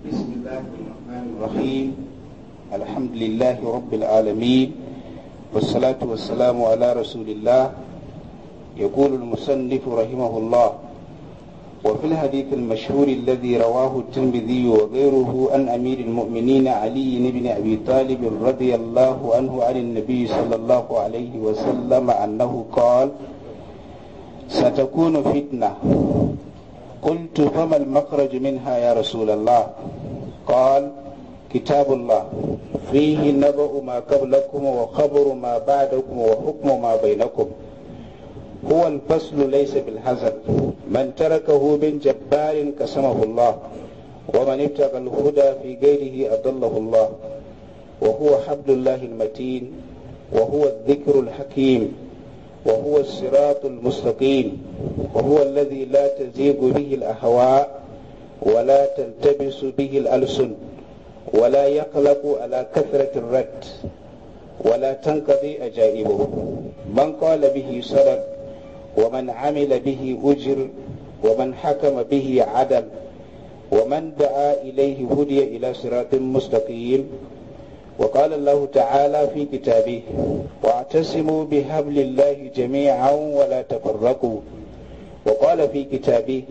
بسم الله الرحمن الرحيم الحمد لله رب العالمين والصلاة والسلام على رسول الله يقول المصنف رحمه الله وفي الحديث المشهور الذي رواه الترمذي وغيره عن أمير المؤمنين علي بن أبي طالب رضي الله عنه عن النبي صلى الله عليه وسلم أنه قال ستكون فتنة قلت فما المخرج منها يا رسول الله قال كتاب الله فيه نبأ ما قبلكم وخبر ما بعدكم وحكم ما بينكم هو الفصل ليس بالحزن من تركه من جبار قسمه الله ومن ابتغى الهدى في غيره أضله الله وهو حبل الله المتين وهو الذكر الحكيم وهو الصراط المستقيم وهو الذي لا تزيغ به الأهواء ولا تلتبس به الألسن ولا يقلق على كثرة الرد ولا تنقضي أجائبه من قال به سرد ومن عمل به أجر ومن حكم به عدل ومن دعا إليه هدي إلى صراط مستقيم وقال الله تعالى في كتابه واعتصموا بحبل الله جميعا ولا تفرقوا وقال في كتابه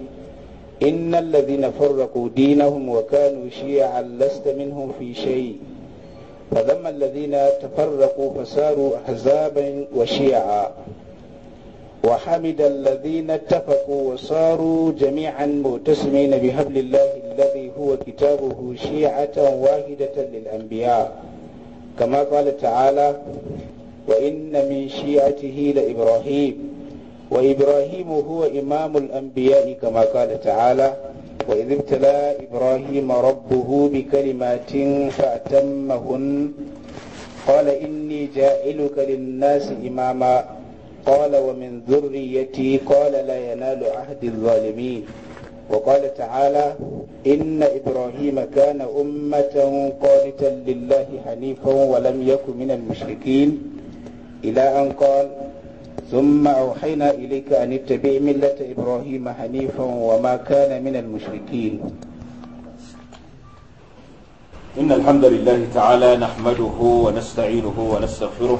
إن الذين فرقوا دينهم وكانوا شيعا لست منهم في شيء فلما الذين تفرقوا فساروا أحزابا وشيعا وحمد الذين اتفقوا وصاروا جميعا متسمين بحبل الله الذي هو كتابه شيعة واحدة للأنبياء كما قال تعالى وإن من شيعته لإبراهيم وإبراهيم هو إمام الأنبياء كما قال تعالى وإذ ابتلى إبراهيم ربه بكلمات فأتمهن قال إني جائلك للناس إماما قال ومن ذريتي قال لا ينال عهد الظالمين وقال تعالى إن إبراهيم كان أمة قانتا لله حنيفا ولم يكن من المشركين إلى أن قال ثم أوحينا إليك أن اتبع ملة إبراهيم حنيفا وما كان من المشركين إن الحمد لله تعالى نحمده ونستعينه ونستغفره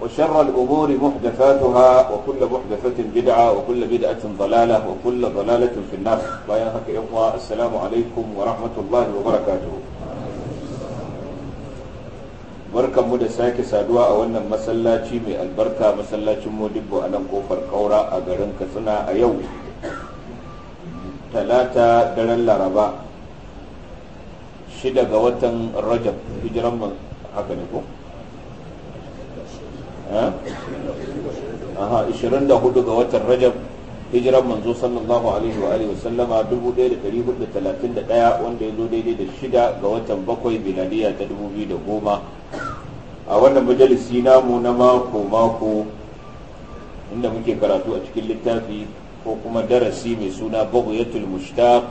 وشر الأمور محدثاتها وكل محدثة بدعة وكل بدعة ضلالة وكل ضلالة في النار بايهك إخوة السلام عليكم ورحمة الله وبركاته barkan mu da sake saduwa a wannan masallaci mai albarka masallacin modibbo a nan kofar kaura a garin katsina a yau talata daren laraba shida ga watan rajab hijiran haka ne ko aha 24 ga watan rajab hijiran manzo sallallahu alaihi wa alihi wasallama 1431 wanda ya zo daidai da shida ga watan bakwai biladiya ta 2010 a wannan majalisi namu na mako mako inda muke karatu a cikin littafi ko kuma darasi mai suna baghyatul mushtaq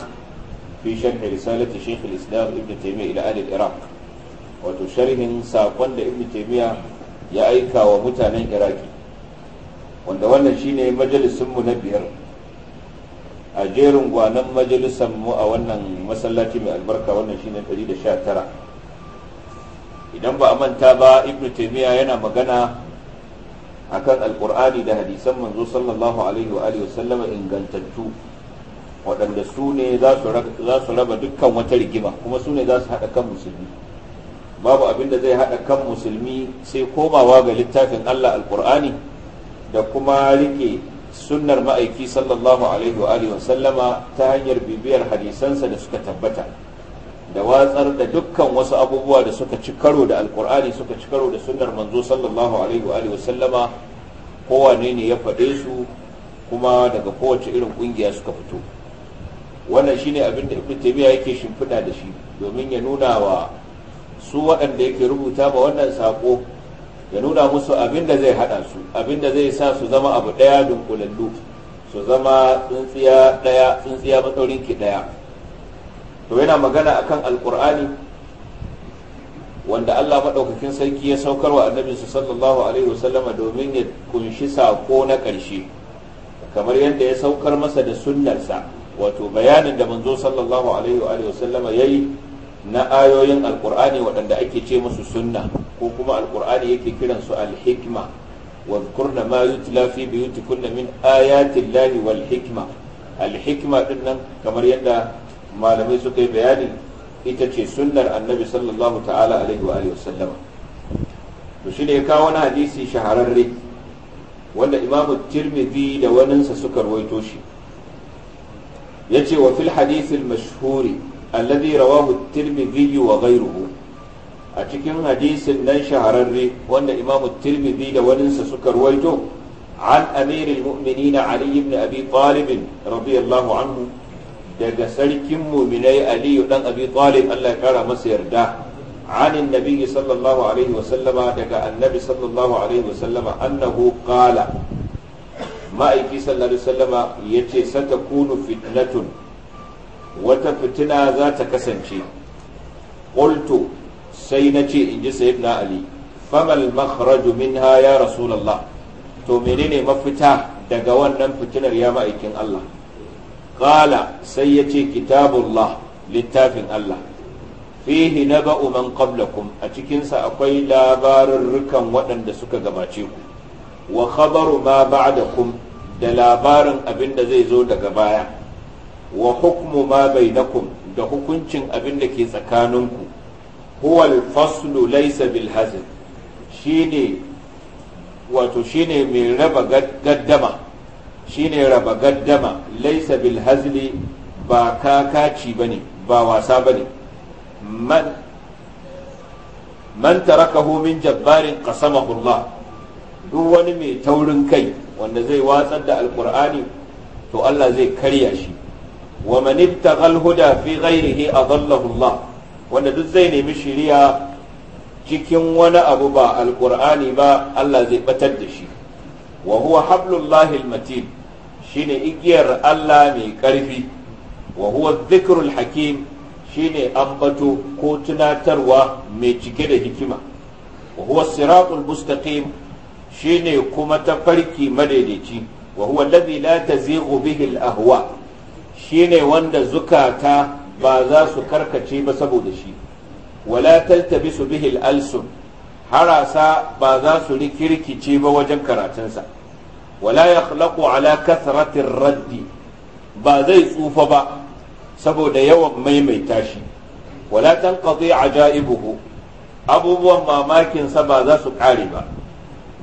fi sharh risalati shaykh al-islam ibn taymiyyah ila ahli iraq wato sharhin saƙon da ibn taymiyyah ya aika wa mutanen iraki wanda wannan shine majalisinmu na biyar a jerin gwanon majalisanmu a wannan masallaci mai albarka wannan shine 119 idan ba a manta ba ibn taimiyya yana magana akan alkur'ani da hadisan manzo sallallahu alaihi wa sallama ingantattu waɗanda su ne za su raba dukkan wata rigima kuma su ne za su haɗa kan musulmi babu abin da zai haɗa kan musulmi sai komawa ga littafin Allah alkur'ani da kuma rike sunnar ma'aiki sallallahu alaihi wa sallama ta hanyar bibiyar hadisansa da suka tabbata da watsar da dukkan wasu abubuwa da suka ci karo da Alƙur'ani suka ci karo da sunnar manzo sallallahu alaihi wa sallama kowane ne ya faɗe su kuma daga kowace irin ƙungiya suka fito wannan shine abin da ibnu taymiya yake shimfiɗa da shi domin ya nuna wa su waɗanda yake rubuta ba wannan saƙo ya nuna musu abin da zai haɗa su abin da zai sa su zama abu ɗaya dunkulallu su zama tsintsiya ɗaya tsintsiya matsaurin ki ɗaya to yana magana akan alƙur'ani wanda Allah maɗaukakin sarki ya saukar wa sallallahu alaihi wasallama domin ya kunshi sako na ƙarshe kamar yadda ya saukar masa da sunnarsa wato bayanin da manzo sallallahu alaihi wasallama ya yi na ayoyin alkur'ani waɗanda ake ce musu sunna ko kuma alkur'ani yake kiran su alhikma wa zkurna ma yutla fi biyutikunna min ayatin lahi wal hikma nan kamar yadda malamai suka yi bayani ita ce sunnar annabi sallallahu ta'ala shi ne kawo wani hadisi shahararre wanda imamu tirmidhi da waninsa suka rawaito shi yace wa fil hadithil mashhuri alladhi rawahu at wa ghayruhu a cikin hadisin nan shahararre wanda imamu tirmidhi da waninsa suka ruwaito an amiril mu'minina ali ibn abi talib radiyallahu anhu daga sarkin mu'minai ali dan abi talib Allah ya masa yarda عن النبي صلى الله عليه وسلم دقى النبي صلى الله عليه وسلم أنه قال ما إيكي صلى الله عليه وسلم يتي ستكون فتنة wata fitina za ta kasance qultu sai na ce in ji sayyidina ali famal makhraju minha ya rasulallah to menene mafita daga wannan fitinar ya ma'aikin Allah ƙala sai ya ce kitabullah littafin Allah fihi naba'u man qablakum a cikinsa akwai labarurrukan waɗanda suka gabace ku wa khabaru ma ba'dakum da labarin abin da zai zo daga baya wa hukmu ma bainakum da hukuncin abin da ke tsakaninku huwa faslu laysa bil hazl shine wato shine mai raba gaddama shine raba gaddama laysa bil hazli ba kakaci bane ba wasa bane man man tarakahu min jabbarin qasamahu Allah duk wani mai taurin kai wanda zai watsar da alkur'ani to Allah zai karya shi wa man ittaghal huda fi ghairihi adallahu Allah wanda duk zai nemi shiriya cikin wani abu ba alqur'ani ba Allah zai batar da shi wa huwa hablullahi almatin shine igiyar Allah mai karfi wa huwa dhikrul hakim shine ambato ko tunatarwa mai cike da hikima wa huwa siratul mustaqim shine kuma tafarki madaidaici wa huwa alladhi la tazighu bihi al-ahwa' shine wanda zukata ba za su karkace ba saboda shi wala taltabisu su bihil alsun harasa ba za su rikirkice ba wajen karatunsa wala yakhlaqu ala kasratin raddi ba zai tsufa ba saboda yawan maimaita shi wala tanqadi ajaibuhu abubuwan mamakinsa ba za su ƙare ba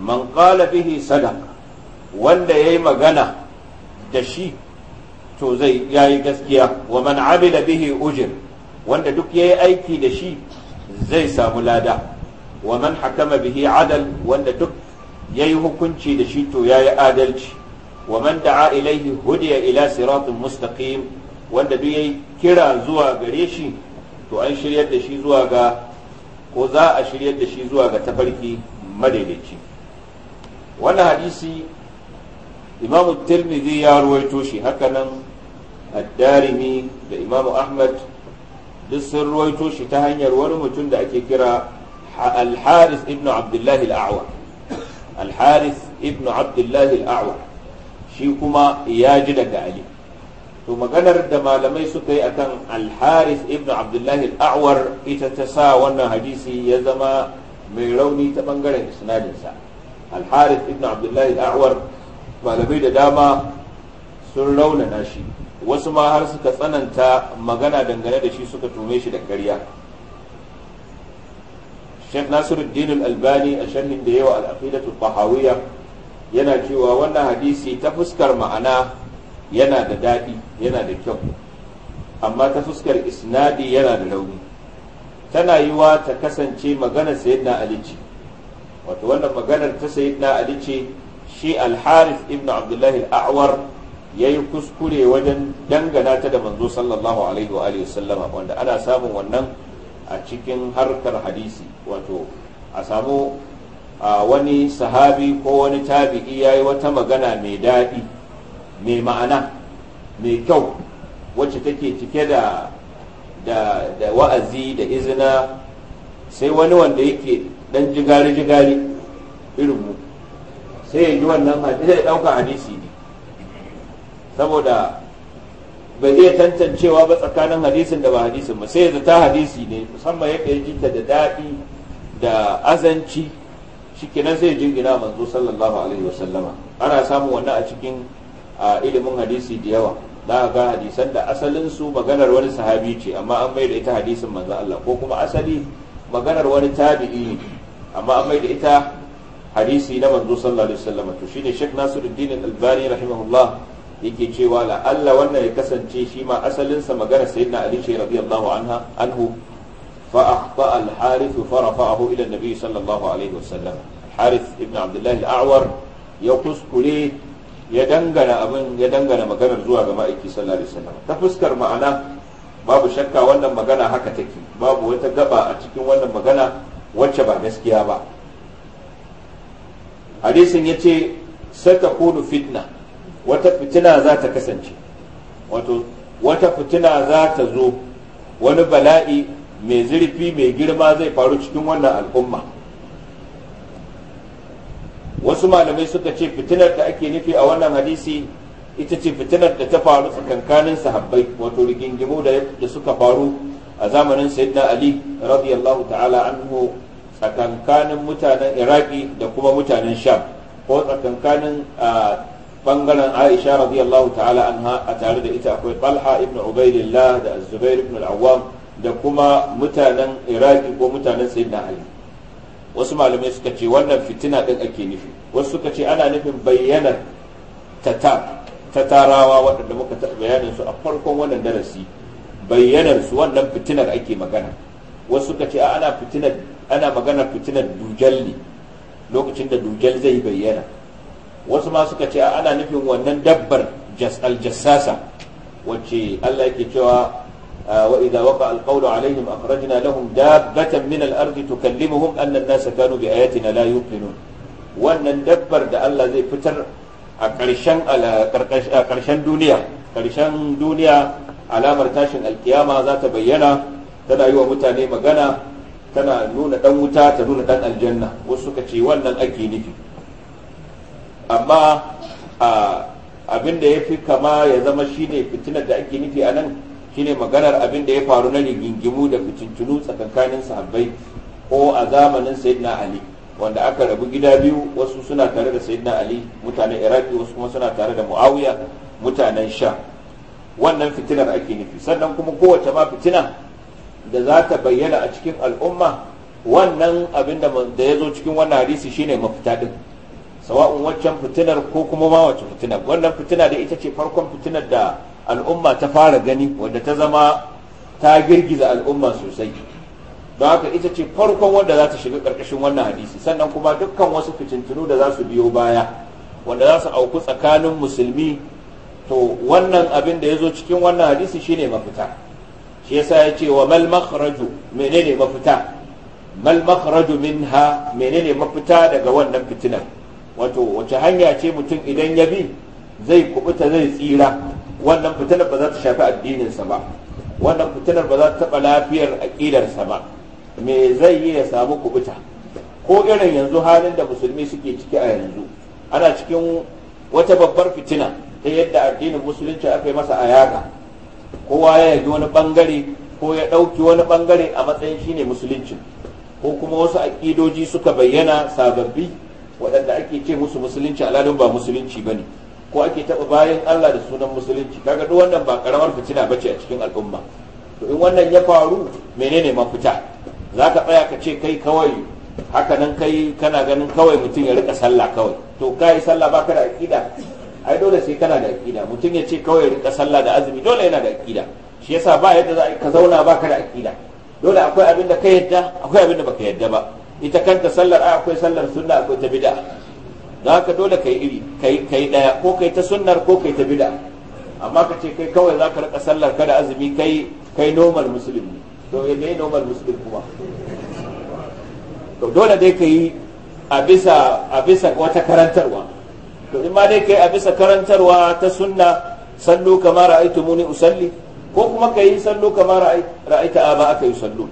man qala bihi sadaq wanda yayi magana da shi to zai yayi gaskiya wa man amila bihi ujir wanda duk yayi aiki da shi zai samu lada wa man hakama bihi adal wanda duk yayi hukunci da shi to yayi adalci wa man da'a ilaihi hudiya ila siratin mustaqim wanda duk yayi kira zuwa gare shi to an shiryar da shi zuwa ga ko za a shiryar da shi zuwa ga tafarki madaidaici wannan hadisi imamu tirmidhi ya ruwaito shi hakanan ad-darimi da imam ahmad duk sun ruwaito shi ta hanyar wani mutum da ake kira al-haris ibn abdullahi al-a'wa al-haris ibn abdullahi al-a'wa shi kuma ya ji daga ali to maganar da malamai suka yi akan al-haris ibn abdullahi al-a'war ita ta sa wannan hadisi ya zama mai rauni ta bangaren isnadinsa al-haris ibn abdullahi al-a'war malamai da dama sun na shi wasu ma har suka tsananta magana dangane da shi suka tume shi da ƙarya Sheikh Nasiruddin albani a sharhin da yawa al-Aqidatu Tahawiyya yana cewa wannan hadisi ta fuskar ma'ana yana da daɗi yana da kyau amma ta fuskar isnadi yana da rauni tana yiwa ta kasance maganar sayyidina Ali ce wato wannan maganar ta sayyidina Ali ce shi alharif ibnu ibn Abdullah awar yayi kuskure wajen dangana ta da manzo sallallahu alaihi wa alihi sallama wanda ana samun wannan a cikin harkar hadisi wato a samu wani sahabi ko wani tabi'i ya yi wata magana mai daɗi mai ma'ana mai kyau wacce take cike da wa'azi da izina sai wani wanda yake dan jigari jigari irin mu sai ya ji wannan hadisi saboda bai iya tantancewa ba tsakanin hadisin da ba hadisin ba sai ta hadisi ne musamman yadda ya jinta da daɗi da azanci shikenan sai jingina manzo sallallahu alaihi wasallama ana samun wannan a cikin ilimin hadisi da yawa za ga hadisan da asalin su maganar wani sahabi ce amma an mai da ita hadisin manzo Allah ko kuma asali maganar wani tabi'i amma an mai da ita hadisi na manzo sallallahu alaihi wasallam to shine Sheikh Nasiruddin Al-Albani rahimahullah yake cewa la Allah wannan ya kasance shi ma asalinsa magana sayyidina Ali ce radiyallahu anha anhu fa akhta al harith fa rafa'ahu ila nabi sallallahu alaihi wasallam harith ibn abdullah al a'war ya kuskure ya dangana abin ya dangana maganar zuwa ga ma'aiki sallallahu alaihi wasallam ta fuskar ma'ana babu shakka wannan magana haka take babu wata gaba a cikin wannan magana wacce ba gaskiya ba hadisin yace satakunu fitna wata fitina za ta kasance wato wata fitina za ta zo wani bala'i mai zurfi mai girma zai faru cikin wannan al'umma wasu malamai suka ce fitinar da ake nufi a wannan hadisi ita ce fitinar da ta faru tsakankanin sahabbai wato rigingimu da suka faru a zamanin sayyidina ali radiyallahu ta'ala anhu tsakankanin mutanen iraki da kuma mutanen sham ko tsakankanin ah, bangaren Aisha radiyallahu ta'ala anha a tare da ita akwai Talha ibn Ubaidillah da Zubair ibn al da kuma mutanen Iraki ko mutanen Sayyidina Ali wasu malamai suka ce wannan fitina din ake nufi wasu suka ce ana nufin bayyanar tata tatarawa waɗanda muka taɓa bayanin su a farkon wannan darasi bayyanar su wannan fitinar ake magana wasu suka ce ana fitinar ana magana fitinar dujalli lokacin da dujal zai bayyana wasu ma suka ce ana nufin wannan dabbar aljassasa wacce Allah yake cewa ah, wa idza waqa alqawlu alaihim akhrajna lahum dabbatan min al-ardi tukallimuhum anna an-nasa kanu bi ayatina la yuqinun wannan dabbar da Allah zai fitar a karshen a duniya ƙarshen duniya alamar tashin alkiyama za ta bayyana tana yi wa mutane magana tana nuna dan wuta ta nuna dan aljanna wasu suka ce wannan ake nufi amma abin da ya fi kama ya zama shine fitinar da ake nufi a nan shine maganar abin da ya faru na rigingimu da fitintunu tsakankanin sahabbai ko a zamanin sayyidina ali wanda aka rabu gida biyu wasu suna tare da sayyidina ali mutanen iraki wasu kuma suna tare da muawiya mutanen sha wannan fitinar ake nufi sannan kuma kowace ma fitina da za ta bayyana a cikin al'umma wannan abin da ya zo cikin wannan hadisi shine mafita din sawa'un waccan fitinar ko kuma ma wacce fitinar wannan fitina da ita ce farkon fitinar da al'umma ta fara gani wadda ta zama ta girgiza al'umma sosai don haka ita ce farkon wadda za ta shiga karkashin wannan hadisi sannan kuma dukkan wasu fitintunu da za su biyo baya wanda za su auku tsakanin musulmi to wannan abin da ya zo cikin wannan hadisi shine mafita shi yasa ya ce wa mal makhraju menene mafita mal makhraju minha menene mafita daga wannan fitinar wato wace hanya ce mutum idan ya bi zai kubuta zai tsira wannan fitinar ba za ta shafi addininsa ba wannan fitinar ba za ta taɓa lafiyar aƙidarsa ba me zai yi ya samu kubuta ko irin yanzu halin da musulmi suke ciki a yanzu ana cikin wata babbar fitina ta yadda addinin musulunci aka yi masa ayaka kowa ya yi wani bangare ko ya ɗauki wani bangare a matsayin shine musulunci ko kuma wasu aƙidoji suka bayyana sababbi waɗanda ake ce musu musulunci al'adun ba musulunci ba ne ko ake taɓa bayan Allah da sunan musulunci kaga duk wannan ba karamar fitina bace a cikin al'umma to in wannan ya faru menene mafita za ka tsaya ka ce kai kawai haka nan kai kana ganin kawai mutum ya rika sallah kawai to kai sallah ba ka da aqida ai dole sai kana da aqida mutum ya ce kawai ya rika sallah da azumi dole yana da aqida shi yasa ba yadda za ka zauna ba ka da aqida dole akwai abin da ka yadda akwai abin da baka yadda ba ita kanta sallar ai akwai sallar sunna akwai ta bid'a don haka dole kai iri kai kai daya ko kai ta sunnar ko kai ta bid'a amma ka ce kai kawai za ka rika sallar kada azumi kai kai normal musulmi to eh, me normal muslim kuma to dole dai ka yi a bisa a bisa wata karantarwa to in ma dai ka yi a bisa karantarwa ta sunna sallu kamar ra'aytu muni usalli ko kuma ka yi sallu kama ra'ayta aba aka yi sallu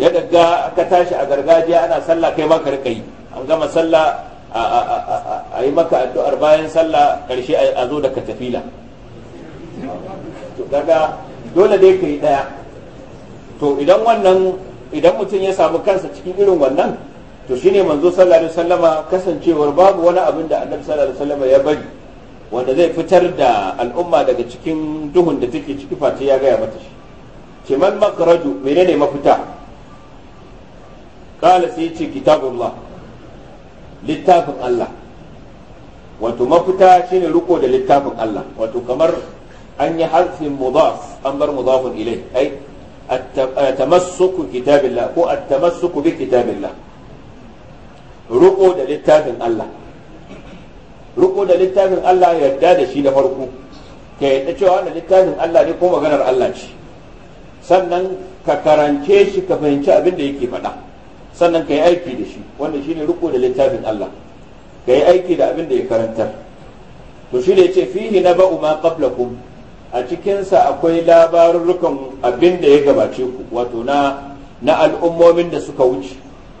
ya gagga ka tashi a gargajiya ana sallah kai ma ka rika yi an gama sallah a yi maka addu'ar bayan sallah karshe a zo da katafila to kaga dole dai ka yi daya to idan wannan idan mutum ya samu kansa cikin irin wannan to shine manzo sallallahu alaihi wasallama kasancewar babu wani abin da annabi sallallahu alaihi wasallama ya bari wanda zai fitar da al'umma daga cikin duhun da take ciki face ya gaya mata shi ce mal makaraju menene mafita kala sai ce kitabullah littafin Allah wato mafita shine riko da littafin Allah wato kamar an yi harfin mudaf an bar mudafin ilai ai at-tamassuku eh, kitabillah ko at-tamassuku bi kitabillah riko da littafin Allah riko da littafin Allah yarda da shi da farko ka yadda cewa wannan littafin Allah ne ko maganar Allah ce sannan ka karance shi ka fahimci abin da yake faɗa sannan ka yi aiki da shi wanda shine riko da littafin Allah ka yi aiki da abin da ya karantar to shi da ce fihi ba'u ma qablakum a cikinsa akwai labarurrukan abin da ya gabace ku wato na na al'ummomin da suka wuce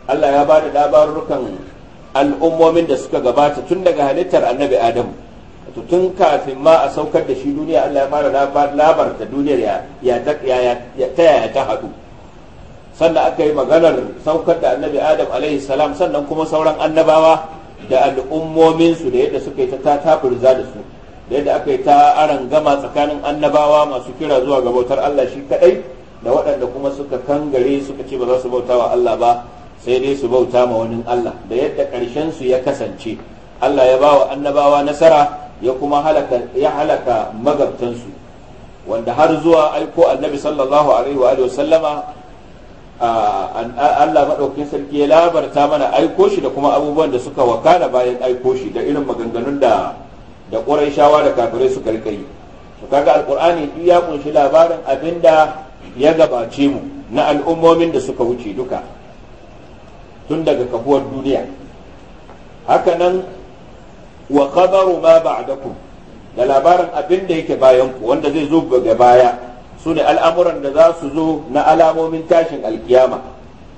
Allah ya ba da labarurrukan al'ummomin da suka gabata tun daga halittar annabi Adamu to tun kafin ma a saukar da shi duniya Allah ya fara labar da duniyar ya ya ta ya ta haɗu sannan aka yi maganar saukar da annabi adam alaihi salam sannan kuma sauran annabawa da al'ummominsu da yadda suka yi ta tafirza da su da yadda aka yi ta aran gama tsakanin annabawa masu kira zuwa ga bautar Allah shi kaɗai da waɗanda kuma suka kangare suka ce ba za su bauta wa Allah ba sai dai su bauta ma wani Allah da yadda ƙarshen su ya kasance Allah ya ba wa annabawa nasara ya kuma halaka ya halaka magabtansu wanda har zuwa aiko annabi sallallahu alaihi wa sallama Allah maɗaukin sarki ya labarta mana aiko shi da kuma abubuwan da suka wakana bayan aiko shi da irin maganganun da da shawa da kafirai suka rika yi to kaga alƙur'ani duk ya kunshi labarin abinda ya gabace mu na al'ummomin da suka wuce duka tun daga kafuwar duniya hakanan wa khabaru ma ba'dakum da labarin abin da yake bayan ku wanda zai zo ga baya su ne al'amuran da za su zo na alamomin tashin alkiyama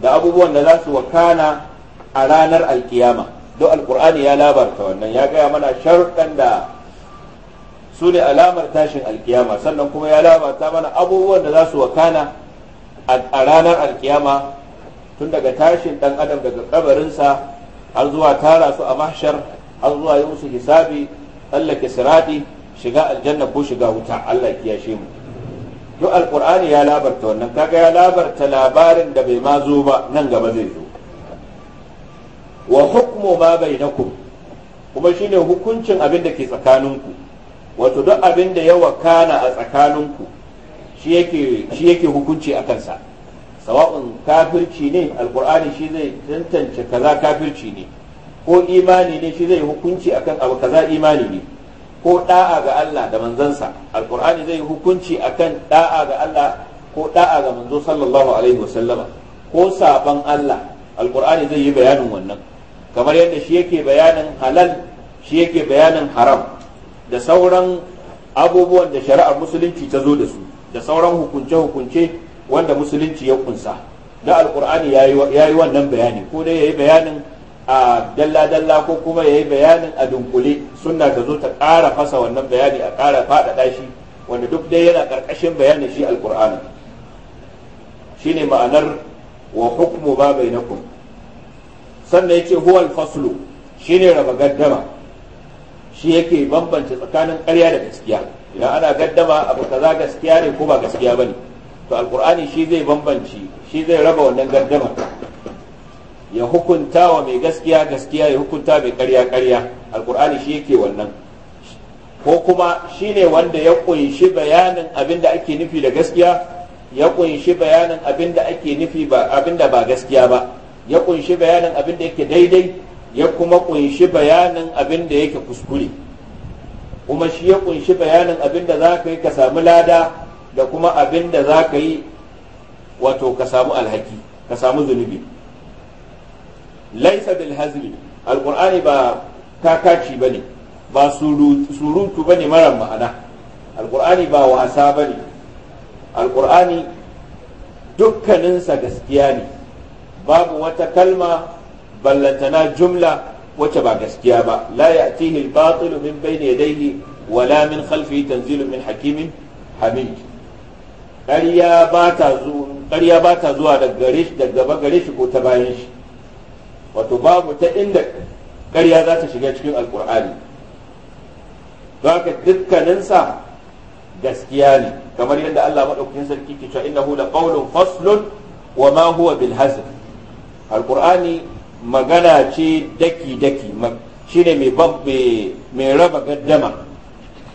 da abubuwan da za su wakana a ranar alkiyama don alkur'ani ya labarta wannan ya gaya mana sharuɗan da su ne alamar tashin alkiyama sannan kuma ya labarta mana abubuwan da za su wakana a ranar alkiyama tun daga tashin ɗan adam daga kabarinsa har zuwa tara su a mahshar an zuwa yi musu hisabi ke sirati shiga aljanna ko shiga wuta Allah ya kiyashe mu to alqur'ani ya labarta wannan kaga ya labarta labarin da bai ma zo ba nan gaba zai zo wa hukmu ma bainakum kuma shine hukuncin abin da ke tsakaninku wato duk abin da ya wakana a tsakaninku shi yake shi yake hukunci a kansa sawa'un kafirci ne alqur'ani shi zai tantance kaza kafirci ne ko imani ne shi zai hukunci akan abu kaza imani ne ko da'a ga Allah da manzansa alqur'ani zai hukunci akan da'a ga Allah ko da'a ga manzo sallallahu alaihi wasallama ko saban Allah alqur'ani zai yi bayanin wannan kamar yadda shi yake bayanin halal shi yake bayanin haram da sauran abubuwan da shari'ar musulunci ta zo da su da sauran hukunce-hukunce wanda musulunci ya kunsa da alqur'ani yayi wannan bayani ko dai yayi bayanin a dalla-dalla ko kuma ya yi bayanin a dunkule sunna ta zo ta ƙara fasa wannan bayani a ƙara faɗaɗa shi wanda duk dai yana ƙarƙashin bayanin shi alƙur'ani shi ne ma'anar wa hukmu ba bai na kun sannan yake huwal faslu shi ne raba gaddama shi yake bambanci tsakanin ƙarya da gaskiya idan ana gaddama abu kaza gaskiya ne ko ba gaskiya ba ne to alƙur'ani shi zai bambanci shi zai raba wannan gaddama ya hukunta wa mai gaskiya gaskiya ya hukunta mai ƙarya ƙarya alkur'ani shi yake wannan ko kuma shi ne wanda ya ƙunshi bayanin abin da ake nufi da gaskiya ya ƙunshi bayanin abin da ake nufi ba abin da ba gaskiya ba ya ƙunshi bayanin abin da yake daidai ya kuma ƙunshi bayanin abin da yake kuskure kuma shi ya ƙunshi bayanin abin da za ka yi ka samu lada da kuma abin da za ka yi wato ka samu alhaki ka samu zunubi laisa bil hazli alqur'ani ba kakaci bane ba surutu bane mara ma'ana alqur'ani ba wasa bane alqur'ani dukkaninsa gaskiya ne babu wata kalma ballantana jumla wacce ba gaskiya ba la ya'tihi al-batil min bayni yadayhi wala min khalfihi min hakimin hamid ƙarya ba ta zuwa daga gaba gare shi ko ta bayan shi wato babu ta inda ƙarya za ta shiga cikin alkur'ani dukkanin dukkaninsa gaskiya ne kamar yadda Allah maɗaukakin sarki ke cewa innahu la qawlun faslun wa ma huwa bil magana ce daki daki shine mai babbe mai raba gaddama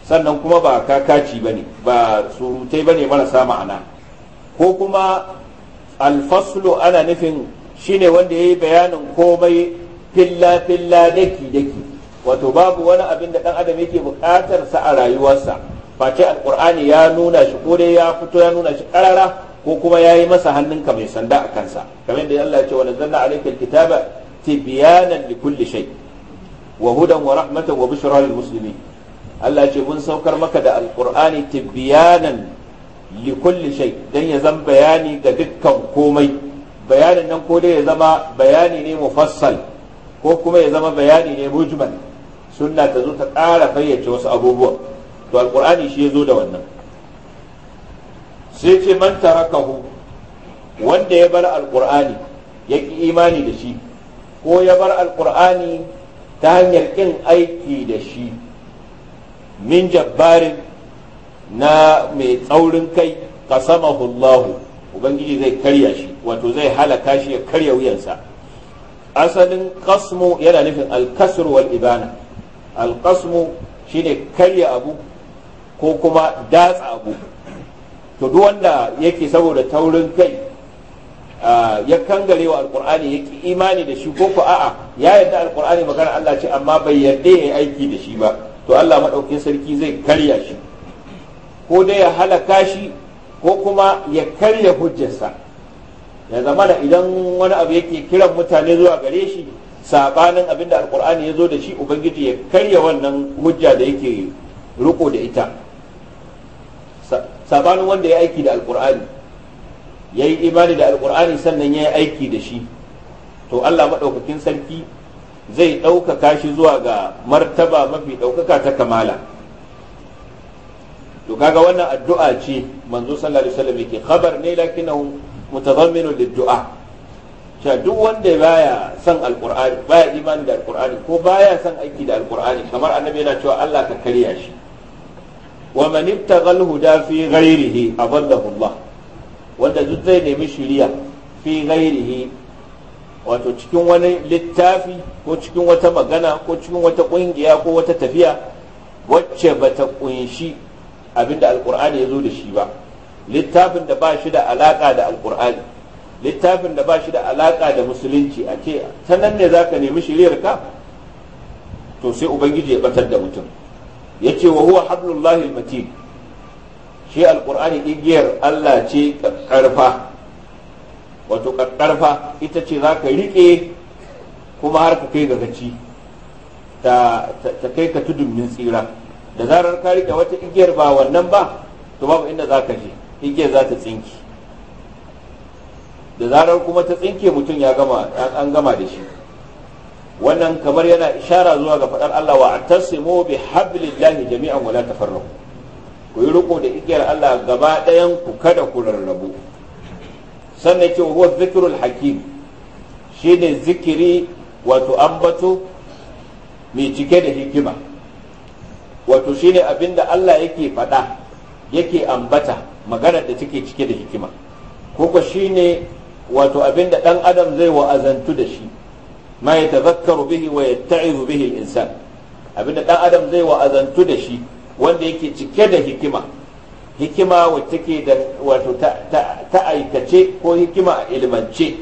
sannan kuma ba kakaci bane ba surutai ba ne marasa ma'ana ko kuma alfaslu ana nufin shine wanda ya yi bayanin komai filla filla daki daki wato babu wani abin da dan adam yake bukatar sa a rayuwarsa face al'kur'ani ya nuna shi ko dai ya fito ya nuna shi karara ko kuma yayi masa hannunka mai sanda a kansa kamar da Allah ya ce wa nazzalna alaykal kitaba tibyanan likulli shay wa hudan wa rahmatan wa bushra lil muslimin Allah ya ce mun saukar maka da al'kur'ani tibyanan likulli shay dan ya zan bayani ga dukkan komai bayanin nan ko dai ya zama bayani ne mufassal ko kuma ya zama bayani ne mujmal sunna ta zo ta ƙara fayyace wasu abubuwan to alqur'ani shi ya zo da wannan sai ce man tarakahu wanda ya bar alqur'ani ya ki imani da shi ko ya bar alqur'ani ta hanyar ƙin aiki da shi min jabbarin na mai tsaurin kai qasamahu Allahu ubangiji zai karya shi wato zai halaka shi ya karya wuyansa asalin kasmo yana nufin alkasur wal ibana alkasmu shine karya abu ko kuma datsa abu to duk wanda yake saboda taurin kai ya kangare wa alkur'ani ya imani da shi ko ku a'a ya yarda alkur'ani magana Allah ce amma bai yarda ya yi aiki da shi ba to Allah madaukin sarki zai karya shi ko dai ya halaka shi ko kuma ya karya hujjarsa ya zama da idan wani abu yake kiran mutane zuwa gare shi sabanin abinda alkur'ani ya zo da shi ubangiji ya karya wannan hujja da yake riko da ita sabanin wanda ya aiki da alkur'ani ya yi imani da alkur'ani sannan ya yi aiki da shi to allah maɗaukakin sarki zai ɗaukaka shi zuwa ga martaba mafi ɗaukaka ta kamala to kaga wannan addu'a ce manzo sallallahu alaihi wasallam yake khabar ne lakinahu mutadammin lid-du'a cewa duk wanda baya son alqur'ani baya imani da alqur'ani ko baya son aiki da alqur'ani kamar annabi yana cewa Allah ka kariya shi wa man ibtaghal huda fi ghairihi adallahu Allah wanda duk zai nemi shiriya fi ghairihi wato cikin wani littafi ko cikin wata magana ko cikin wata kungiya ko wata tafiya wacce bata kunshi abinda alkur'ani ya zo da shi ba littafin da ba shi da alaƙa da alkur'ani littafin da ba shi da alaƙa da musulunci a ce ta nan ne za ka nemi shiriyarka? ka to sai ubangiji ya batar da mutum ya ce wa huwa hablullahi matin shi alkur'ani igiyar allah ce karfa wato karfa ita ce za ka riƙe kuma har ka kai ga gaci ta kai ka tudun min tsira da zarar ka rike wata igiyar ba wannan ba to babu inda za ka je igiyar za ta tsinki da zarar kuma ta tsinke mutum ya gama an gama da shi wannan kamar yana ishara zuwa ga faɗar Allah wa atasimu bi hablillahi jami'an wala tafarraqu ku yi riko da igiyar Allah gaba ɗayan ku kada ku rarrabu sannan ce huwa zikrul hakim shine zikiri wato ambato mai cike da hikima wato shine abin da Allah yake faɗa yake ambata maganar da take cike da hikima ko shine wato abin da ɗan adam zai wa'azantu da shi ma ya tazakkaru bihi wa yatta'izu bihi al-insan abin da ɗan adam zai wa'azantu da shi wanda yake cike da hikima hikima wacce take da wato ta aikace ko hikima a ilmance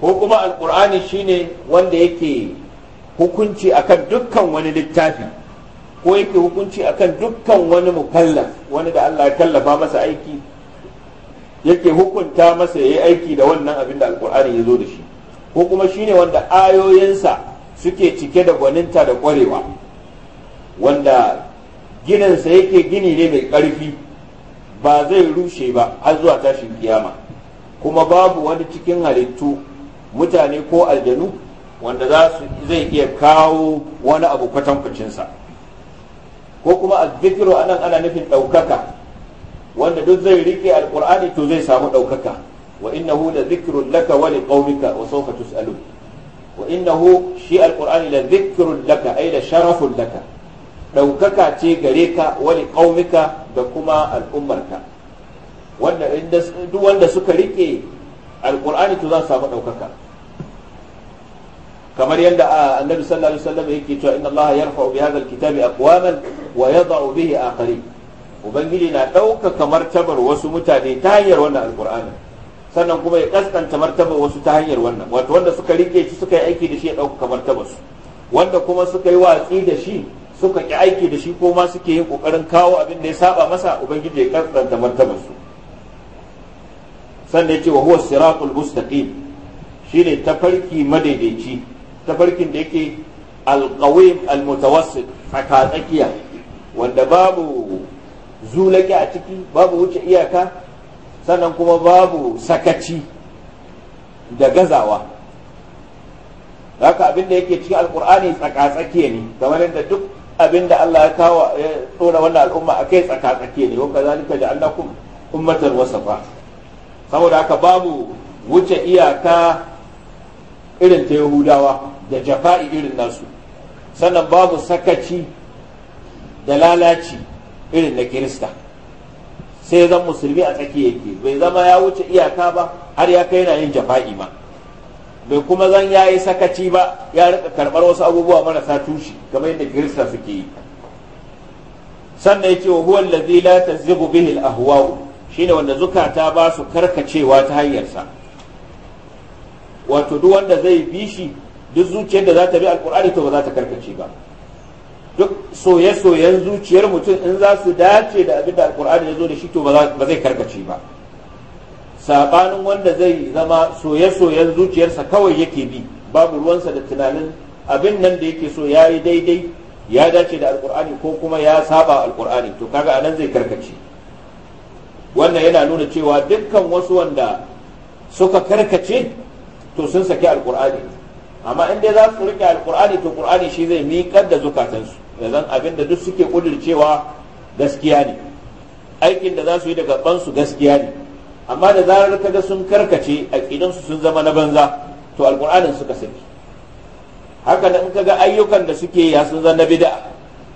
ko kuma alkur'ani shine wanda yake hukunci akan dukkan wani littafi ko yake hukunci akan dukkan wani mukallaf wani da Allah ya kallafa masa aiki yake hukunta masa yayi aiki da wannan abin da alkur'ani ya zo da shi ko kuma shine wanda ayoyinsa suke cike da gwaninta da ƙwarewa wanda ginansa yake gini ne mai ƙarfi ba zai rushe ba har zuwa tashin kiyama kuma babu wani cikin halittu mutane ko aljanu wanda za su zai iya kawo wani abu kwatankwacinsa ko kuma azzikiru anan ana nufin ɗaukaka wanda duk zai rike alƙur'ani to zai samu ɗaukaka wa innahu la zikrun laka wa liqaumika wa sawfa tus'alun wa innahu shi alkur'ani la zikrun laka ay la sharafun laka ɗaukaka ce gare ka wa liqaumika da kuma al'ummarka wanda duk wanda suka rike alkur'ani to za su samu ɗaukaka kamar yadda ah, annabi sallallahu alaihi wasallam yake cewa inna allaha yarfa'u bi hadha alkitabi aqwaman wa yada'u bihi akharin ubangiji na dauka kamar tabar wasu mutane ta hanyar wannan alqur'ani sannan kuma ya kaskanta martaba wasu ta hanyar wannan wato wanda suka rike shi suka yi aiki da shi ya dauka kamar tabar su wanda kuma suka yi watsi da shi suka ki aiki da shi ko ma suke yin kokarin kawo abin da ya saba masa ubangiji ya kaskanta martabar su sannan ya ce wa huwa siratul mustaqim shine tafarki madaidaici tafarkin da yake alqawim almutawassit tsaka tsakiya wanda babu zulaki a ciki babu wuce iyaka sannan kuma babu sakaci da gazawa haka abin da yake cikin alkur'ani tsaka tsakiya ne kamar yadda duk abin da Allah ya kawo ya tsora wannan al'umma akai tsaka tsakiya ne wanda zalika ja'alnakum ummatan wasafa saboda haka babu wuce iyaka irin ta yahudawa da jafa'i irin nasu sannan babu sakaci da lalaci irin na kirista sai zan musulmi a tsaki yake bai zama ya wuce iyaka ba har ya kai na yin jafa'i ma bai kuma zan ya yi sakaci ba ya rika karɓar wasu abubuwa marasa tushe kamar yadda kirista suke yi sannan ya ce wa huwa allazi la tazighu a al shi shine wanda zukata ba su karkacewa ta hanyarsa wato duk wanda zai bi shi duk zuciyar da za ta bi alkur'ani to ba za ta karkace ba duk soye-soyen zuciyar mutum in za su dace da abin da alkur'ani ya zo da shi to ba zai karkace ba sabanin wanda zai zama soye-soyen zuciyarsa kawai yake bi babu ruwansa da tunanin abin nan da yake so ya yi daidai ya dace da alkur'ani ko kuma ya saba alkur'ani to kaga anan zai karkace wannan yana nuna cewa dukkan wasu wanda suka karkace to sun saki alkur'ani amma in dai za su rike alkur'ani to qur'ani shi zai miƙar da zukatansu da zan abin da duk suke kudircewa gaskiya ne aikin da za su yi da gabansu gaskiya ne amma da zarar kaga sun karkace aqidansu sun zama na banza to alkur'anin suka saki haka da in ka ga ayyukan da suke ya sun zama na bid'a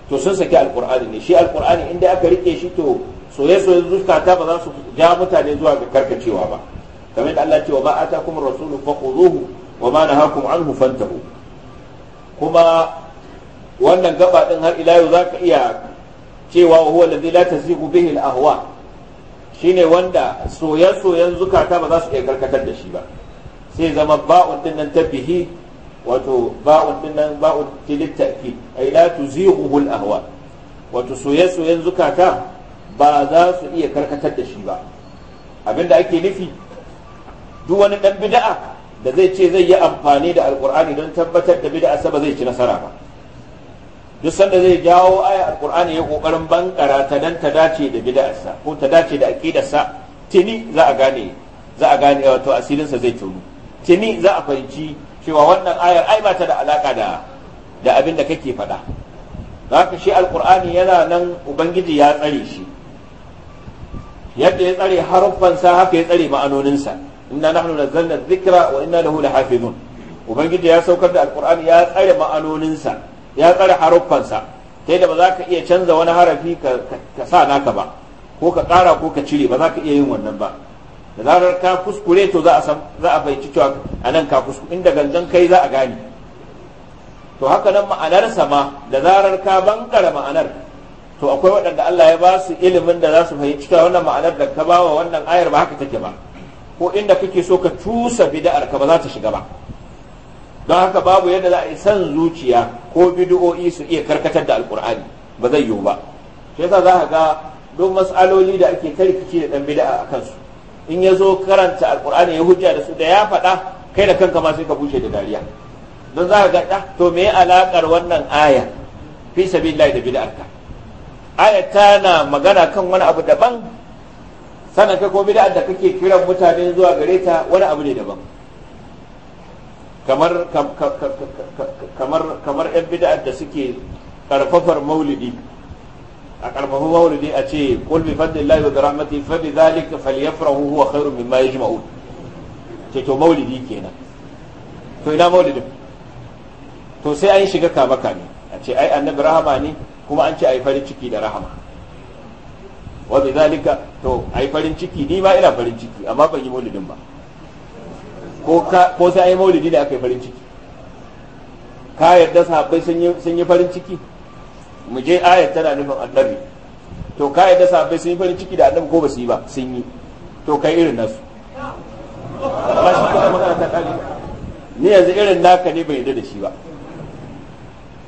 to sun saki alkur'ani ne shi alkur'ani dai aka rike shi to soye-soyen zukata ba za su ja mutane zuwa ga karkacewa ba kamar da Allah ce wa ma atakum rasulu fakhuduhu wa ma nahakum anhu fantahu kuma wannan gaba din har ila yau zaka iya cewa huwa alladhi la tasiqu bihi al-ahwa shine wanda soye-soyen zukata ba za su iya karkatar da shi ba sai zama ba'un ɗin nan tabihi wato ba'un ɗin nan ba'un tilit ta'kid ay la tuzihu al-ahwa wato soye-soyen zukata ba za su iya karkatar da shi ba abinda ake nufi duk wani dan bid'a da zai ce zai yi amfani da alkur'ani don tabbatar da bid'a sa ba zai ci nasara ba duk sanda zai jawo aya alkur'ani ya kokarin bankara ta dan ta dace da bid'arsa ko ta dace da aqidarsa tini za a gane za a gane wato asirinsa zai tunu tini za a fahimci cewa wannan ayar ai ba ta da alaka da da abin da kake faɗa haka shi alkur'ani yana nan ubangiji ya tsare shi yadda ya tsare haruffansa haka ya tsare ma'anoninsa inna nahnu nazzalna dhikra wa inna lahu lahafizun ubangiji ya saukar da alqur'ani ya tsare ma'anoninsa ya tsare haruffansa ta yadda ba za ka iya canza wani harafi ka sa naka ba ko ka ƙara ko ka cire ba za ka iya yin wannan ba da zarar ka kuskure to za a san a cewa a nan ka kuskure inda gangan kai za a gane to haka nan ma'anarsa ma da zarar ka bankara ma'anar to akwai waɗanda Allah ya ba su ilimin da za su fahimci cewa wannan ma'anar da ka ba wa wannan ayar ba haka take ba ko inda kake so ka tusa bid'ar ka ba za ta shiga ba don haka babu yadda za a yi san zuciya ko bid'o'i su iya karkatar da alkur'ani ba zai yiwu ba shi yasa za ka ga duk mas'aloli da ake tarkici da dan bid'a a kansu in ya zo karanta alkur'ani ya hujja da su da ya faɗa kai da kanka ma sai ka bushe da dariya don za ka ga ah, to me alakar wannan aya fi sabilillahi da bid'arka aya tana magana kan wani abu daban sannan kai ko bid'a da kake kiran mutane zuwa gare ta wani abu ne daban kamar kamar kamar yan bid'a da suke karfafar maulidi a karfafa maulidi a ce qul bi fadlillahi wa bi rahmatihi fa bi dhalika falyafrahu huwa khairun mimma yajma'un ce to maulidi kenan to ina maulidi to sai an shiga kama ne a ce ai annabi rahama ne kuma an ce ai farin ciki da rahama wa bi zalika to ai farin ciki ni ma ina farin ciki amma ban yi maulidin ba ko ka ko sai ai maulidi da aka yi farin ciki ka yarda sahabbai sun yi sun yi farin ciki mu je ayat tana nufin annabi to ka yarda sahabbai sun yi farin ciki da annabi ko ba su yi ba sun yi to kai irin nasu ba shi kuma magana ta kali ni yanzu irin naka ne bai yarda da shi ba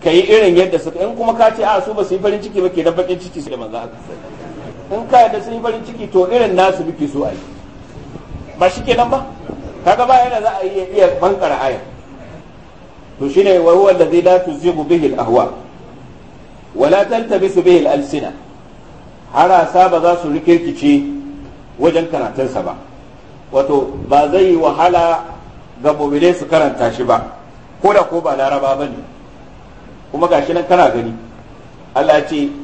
ka yi irin yadda suka in kuma ka ce a su ba su yi farin ciki ba ke da bakin ciki su da manzo haka in ka yadda sun yi farin ciki to irin nasu muke so a yi ba shi kenan ba kaga ba yana za a iya iya bankara aya to ne wa huwa allazi la tuzigu bihi al-ahwa wa la taltabisu bihi al-alsina harasa ba za su rikirkice wajen karatunsa ba wato ba zai yi wahala ga mubile su karanta shi ba ko da ko ba laraba ba ne kuma gashi nan kana gani Allah ce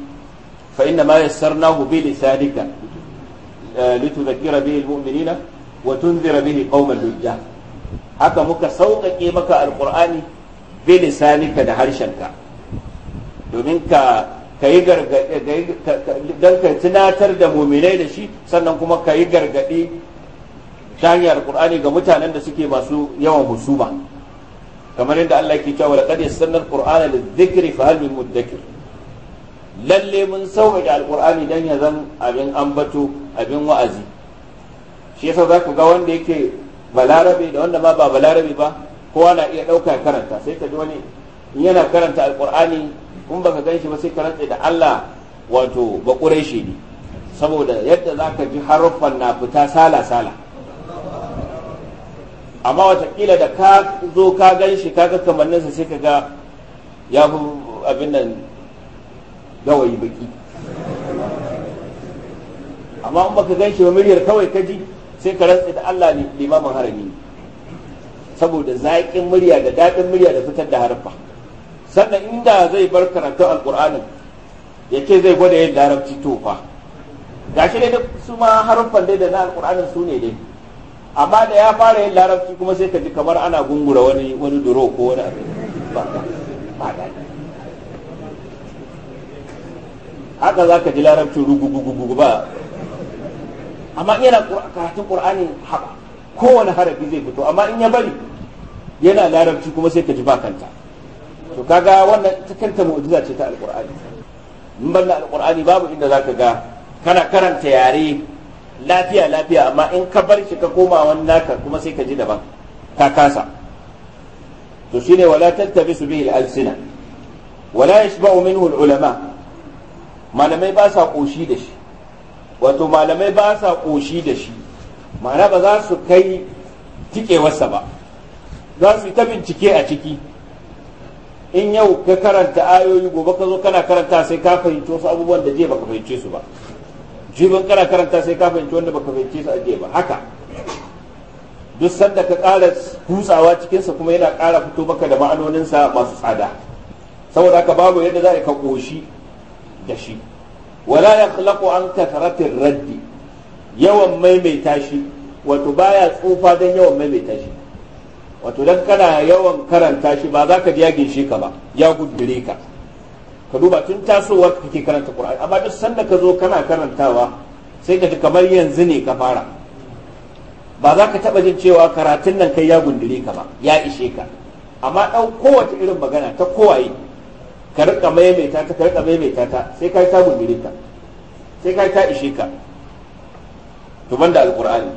fa inna ma yassarnahu bi lisanika litudhakkira bihi almu'minina wa tunzira bihi qauman hujja haka muka sauƙaƙe maka Alƙur'ani bilisanika lisanika da harshenka domin ka yi gargadi don ka tunatar da mu'minai da shi sannan kuma ka yi gargadi ta hanyar alqur'ani ga mutanen da suke masu yawan husuma kamar yadda Allah ke cewa laqad yassarna alqur'ana lidhikri fa hal min mudakkir lalle mun sauƙaƙe alkur'ani dan ya zan abin ambato abin wa'azi shi yasa za ku ga wanda yake balarabe da wanda ba balarabe ba kowa na iya ɗauka karanta sai ka ji wani in yana karanta alkur'ani kun baka gan shi ba sai karanta da Allah wato ba ƙureshi ne saboda yadda za ka ji haruffan na fita sala sala amma watakila da ka zo ka gan shi kaga kamanninsa sai ka ga ya fi abin nan gawayi baki amma in baka gan shi ba muryar kawai ka ji sai ka rantsa da Allah limamin harami saboda zaƙin murya da daɗin murya da fitar da harfa sannan inda zai bar karatu alƙur'anin ya ce zai gwada yin larabci to ga shi dai su ma harfan dai da na alƙur'anin su ne dai amma da ya fara yin larabci kuma sai ka ji kamar ana gungura wani wani duro ko wani ba ba ba haka za ka ji larabcin rugugugugu ba amma in yana karatun qur'ani haka kowane harafi zai fito amma in ya bari yana larabci kuma sai ka ji ba to kaga wannan ita kanta mu'jiza ce ta alqur'ani in balla alqur'ani babu inda za ka ga kana karanta yare lafiya lafiya amma in ka bar shi ka koma wani naka kuma sai ka ji daban ka kasa to shine wala tattabisu bihi al-alsina wala yashba'u minhu al-ulama malamai ba sa ƙoshi da shi wato malamai ba sa ƙoshi da shi ma'ana ba za su kai tikewarsa ba za su yi ta bincike a ciki in yau ka karanta ayoyi gobe ka zo kana karanta sai ka fahimci wasu abubuwan da jiya baka fahimce su ba jibin kana karanta sai ka fahimci wanda baka fahimce su a jiya ba haka duk sanda ka kara kutsawa cikinsa kuma yana ƙara fito maka da ma'anoninsa masu tsada saboda haka babu yadda za a ka ƙoshi da shi wala ya khalaqu an raddi yawan maimaita shi wato baya tsufa dan yawan maimaita shi wato dan kana yawan karanta shi ba za ka ji ya ginshe ka ba ya gudure ka ka duba tun tasowar ka kake karanta qur'ani amma duk sanda ka zo kana karantawa sai ka ji kamar yanzu ne ka fara ba za ka taba jin cewa karatun nan kai ya gundure ka ba ya ishe ka amma ɗau kowace irin magana ta kowaye ka rika maimaita ta ka rika maimaita ta sai kai ta gurgure sai kai ta ishe ka to banda alqur'ani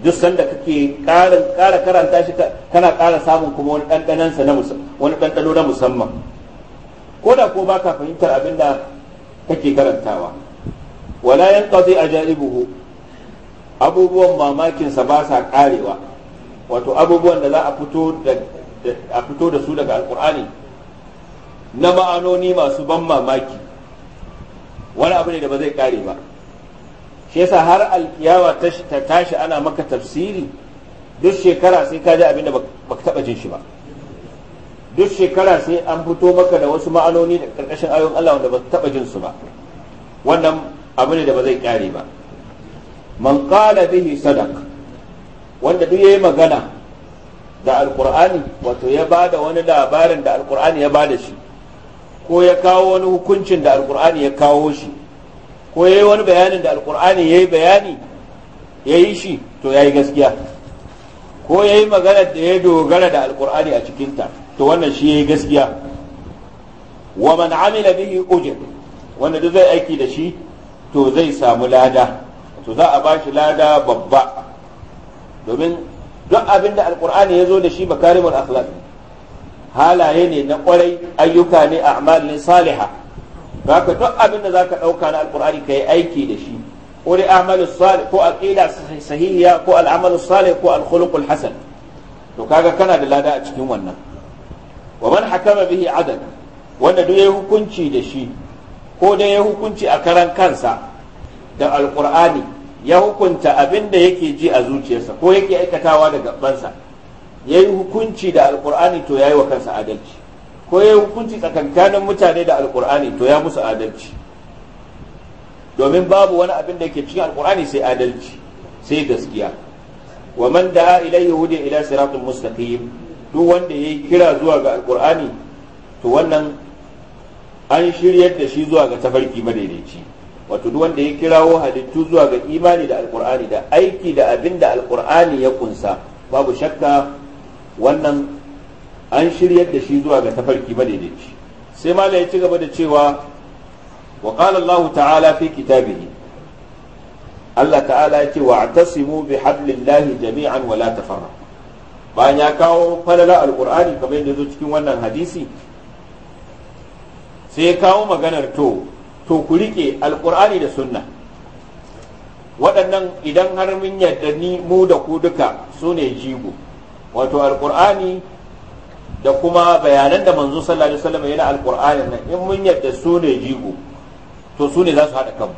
duk sanda kake kara kara karanta shi kana kara samun kuma wani ɗanɗanon sa na musamman wani ɗanɗano na musamman ko da ko baka fahimtar abin da kake karantawa wala yanqadi ajaibuhu abubuwan mamakin sa ba sa karewa wato abubuwan da za a fito da a fito da su daga alqur'ani na ma'anoni masu ban mamaki wani abu ne da ba zai kare ba shi yasa har alkiyawa ta tashi ana maka tafsiri duk shekara sai ka ji abin da ka taba jin shi ba duk shekara sai an fito maka da wasu ma'anoni da karkashin ayoyin Allah wanda baka taba jin su ba wannan abu ne da ba zai kare ba man qala bihi sadaq wanda duk yayi magana da alqur'ani wato ya bada wani labarin da alqur'ani ya bada shi ko ya kawo wani hukuncin da alkur'ani ya kawo shi ko ya yi wani bayanin da alkur'ani ya yi bayani ya yi shi to ya yi gaskiya ko ya yi magana da ya dogara da alkur'ani a cikinta to wannan shi ya yi gaskiya wa man amila bihi ujr wanda duk zai aiki da shi to zai samu lada to za a ba shi lada babba domin duk abin da alkur'ani ya zo da shi makarimul akhlaq halaye ne na kwarai ayyuka ne a'mal ne saliha ka duk abin da ka dauka na alqur'ani yi aiki da shi wani amalu salih ko aqida sahihiya ko al'amalu salih ko al-khuluqul hasan to kaga kana da lada a cikin wannan wa man hakama bihi adal wanda duk yayi hukunci da shi ko da ya hukunci a karan kansa da alƙur'ani ya hukunta abin da yake ji a zuciyarsa ko yake aikatawa da gabansa ya yi hukunci da alkur'ani to ya yi wa kansa adalci ko ya yi hukunci tsakankanin mutane da alkur'ani to ya musu adalci domin babu wani abin da ke cikin alkur'ani sai adalci sai gaskiya wa man da'a ilayhi hudi ila siratul mustaqim duk wanda yayi kira zuwa ga alkur'ani to wannan an shiryar da shi zuwa ga tafarki madaidaici wato duk wanda ya kirawo halittu zuwa ga imani da alkur'ani da aiki da abin da alkur'ani ya kunsa babu shakka wannan an shiryar da shi zuwa ga tafarki madaidaici sai mala ya ci gaba da cewa wa qala Allah ta'ala fi kitabihi Allah ta'ala ya ce wa'tasimu bi hablillahi jami'an wa la tafarraqu bayan ya kawo falala alqur'ani kamar yadda zo cikin wannan hadisi sai ya kawo maganar to to ku rike alqur'ani da sunna waɗannan idan har mun yarda ni mu da ku duka su ne jigo wato alqur'ani da kuma bayanan da manzo sallallahu alaihi wasallam yana alqur'anin nan in mun yadda su ne jigo to su ne za su haɗa kanmu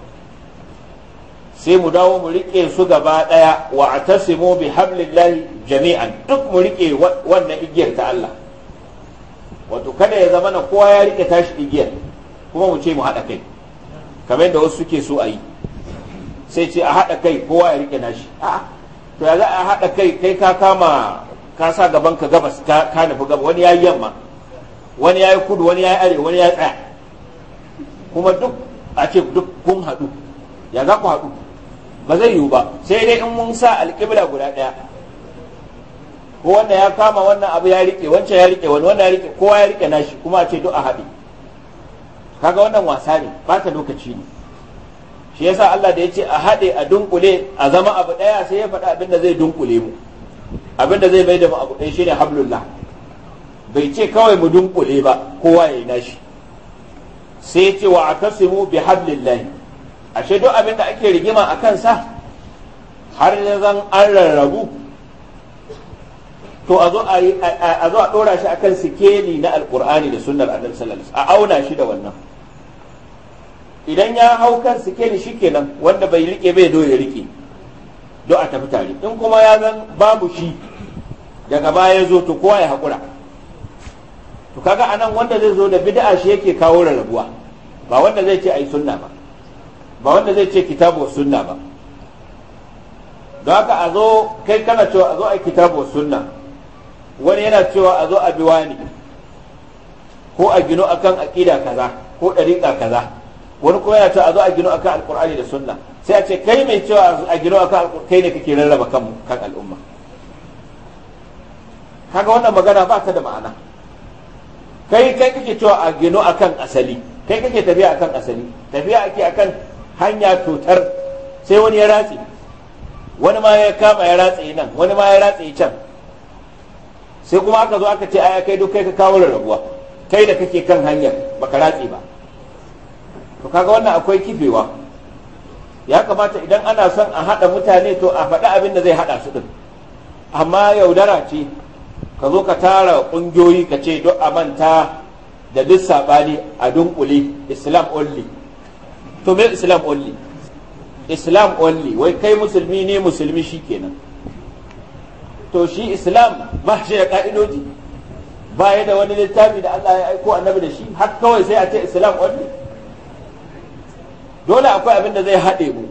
sai mu dawo mu rike su gaba daya wa atasimu bi hablillahi jami'an duk mu rike wannan igiyar ta Allah wato kada ya zama na kowa ya rike tashi igiyar kuma mu ce mu haɗa kai kamar da wasu suke so a yi sai ce a haɗa kai kowa ya rike nashi a'a to ya za a haɗa kai kai ka kama ka sa gaban ka gabas ka nufi gaba wani yayi yamma wani yayi kudu wani yayi arewa wani yayi tsaya kuma duk a ce duk kun haɗu ya za ku haɗu ba zai yiwu ba sai dai in mun sa alƙibla guda ɗaya ko wanda ya kama wannan abu ya riƙe wancan ya riƙe wani wanda ya riƙe kowa ya riƙe nashi kuma a ce duk a haɗe kaga wannan wasa ne ba ta lokaci ne shi yasa Allah da ya ce a haɗe a dunkule a zama abu ɗaya sai ya faɗa abin da zai dunkule mu abinda zai bai da abu ɗaya shine hablullah bai ce kawai mu dunkule ba kowa ya yi nashi sai ce wa atasimu bi hablillah ashe duk abin da ake rigima a kansa har ne zan an rarrabu to a zo a zo a dora shi akan sikeli na alqur'ani da sunnar annabi sallallahu alaihi wasallam a auna shi da wannan idan ya hau kan sikeli shikenan wanda bai rike bai do ya rike don a tafi tare in kuma ya zan babu shi daga baya zo to kowa ya haƙura to kaga anan wanda zai zo da bid'a shi yake kawo rarrabuwa ba wanda zai ce ai sunna ba ba wanda zai ce kitabu wa sunna ba don haka a zo kai kana cewa a zo ai kitabu wa sunna wani yana cewa a zo a biwa ni, ko a gino akan aƙida kaza ko dariqa kaza wani kuma yana cewa a zo a gino akan alqur'ani da sunna sai a ce kai mai cewa a gina kai ne kake rarraba kan kan al'umma kaga wannan magana ba ta da ma'ana kai kai kake cewa a gino akan asali kai kake tafiya akan asali tafiya ake akan hanya cutar sai wani ya ratse wani ma ya kama ya ratse nan wani ma ya ratse can sai kuma aka zo aka ce aya kai duk kai ka kawo rarrabuwa kai da kake kan hanyar baka ratse ba to kaga wannan akwai kifewa ya kamata idan ana son a haɗa mutane to a faɗi abin da zai haɗa su ɗin amma yaudara ce ka zo ka tara ƙungiyoyi ka ce duk a manta da duk saɓani a dunkule islam only to me islam only islam only wai kai musulmi ne musulmi shi kenan to shi islam ba shi da ka'idoji ba da wani littafi da allah ya aiko annabi da shi har kawai sai a ce islam only dole akwai abin da zai haɗe mu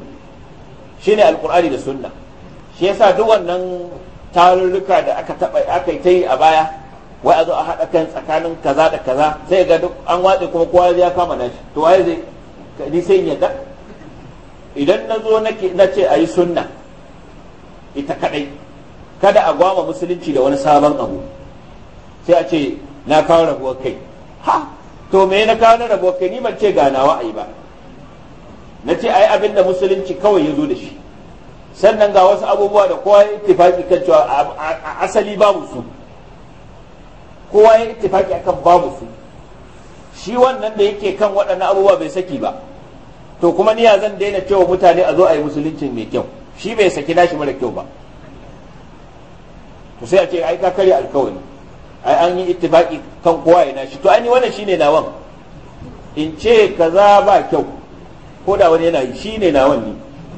shine alkur'ani da sunna shi yasa duk wannan tarurruka da aka taɓa aka yi ta yi a baya wai a zo a haɗa kan tsakanin kaza da kaza sai ga duk an watsa kuma kowa ya kama nashi to waye zai ni sai in yadda idan na zo na ce a yi sunna ita kadai kada a gwama musulunci da wani sabon abu sai a ce na kawo rabuwar kai ha to me na kawo na rabuwar kai ni ban ce ga nawa a yi ba na ce ai abin da musulunci kawai ya zo da shi sannan ga wasu abubuwa da kowa ya tafaki kan cewa a asali babu su kowa ya a akan babu su shi wannan da yake kan waɗannan abubuwa bai saki ba to kuma niya zan daina cewa mutane a zo a yi musulunci mai kyau shi bai saki nashi mara kyau ba to sai a ce ai ka karya alkawari ai an yi ittifaki kan kowa ya nashi to an yi wannan shine nawan in ce kaza ba kyau ko da wani yana yi shi ne nawan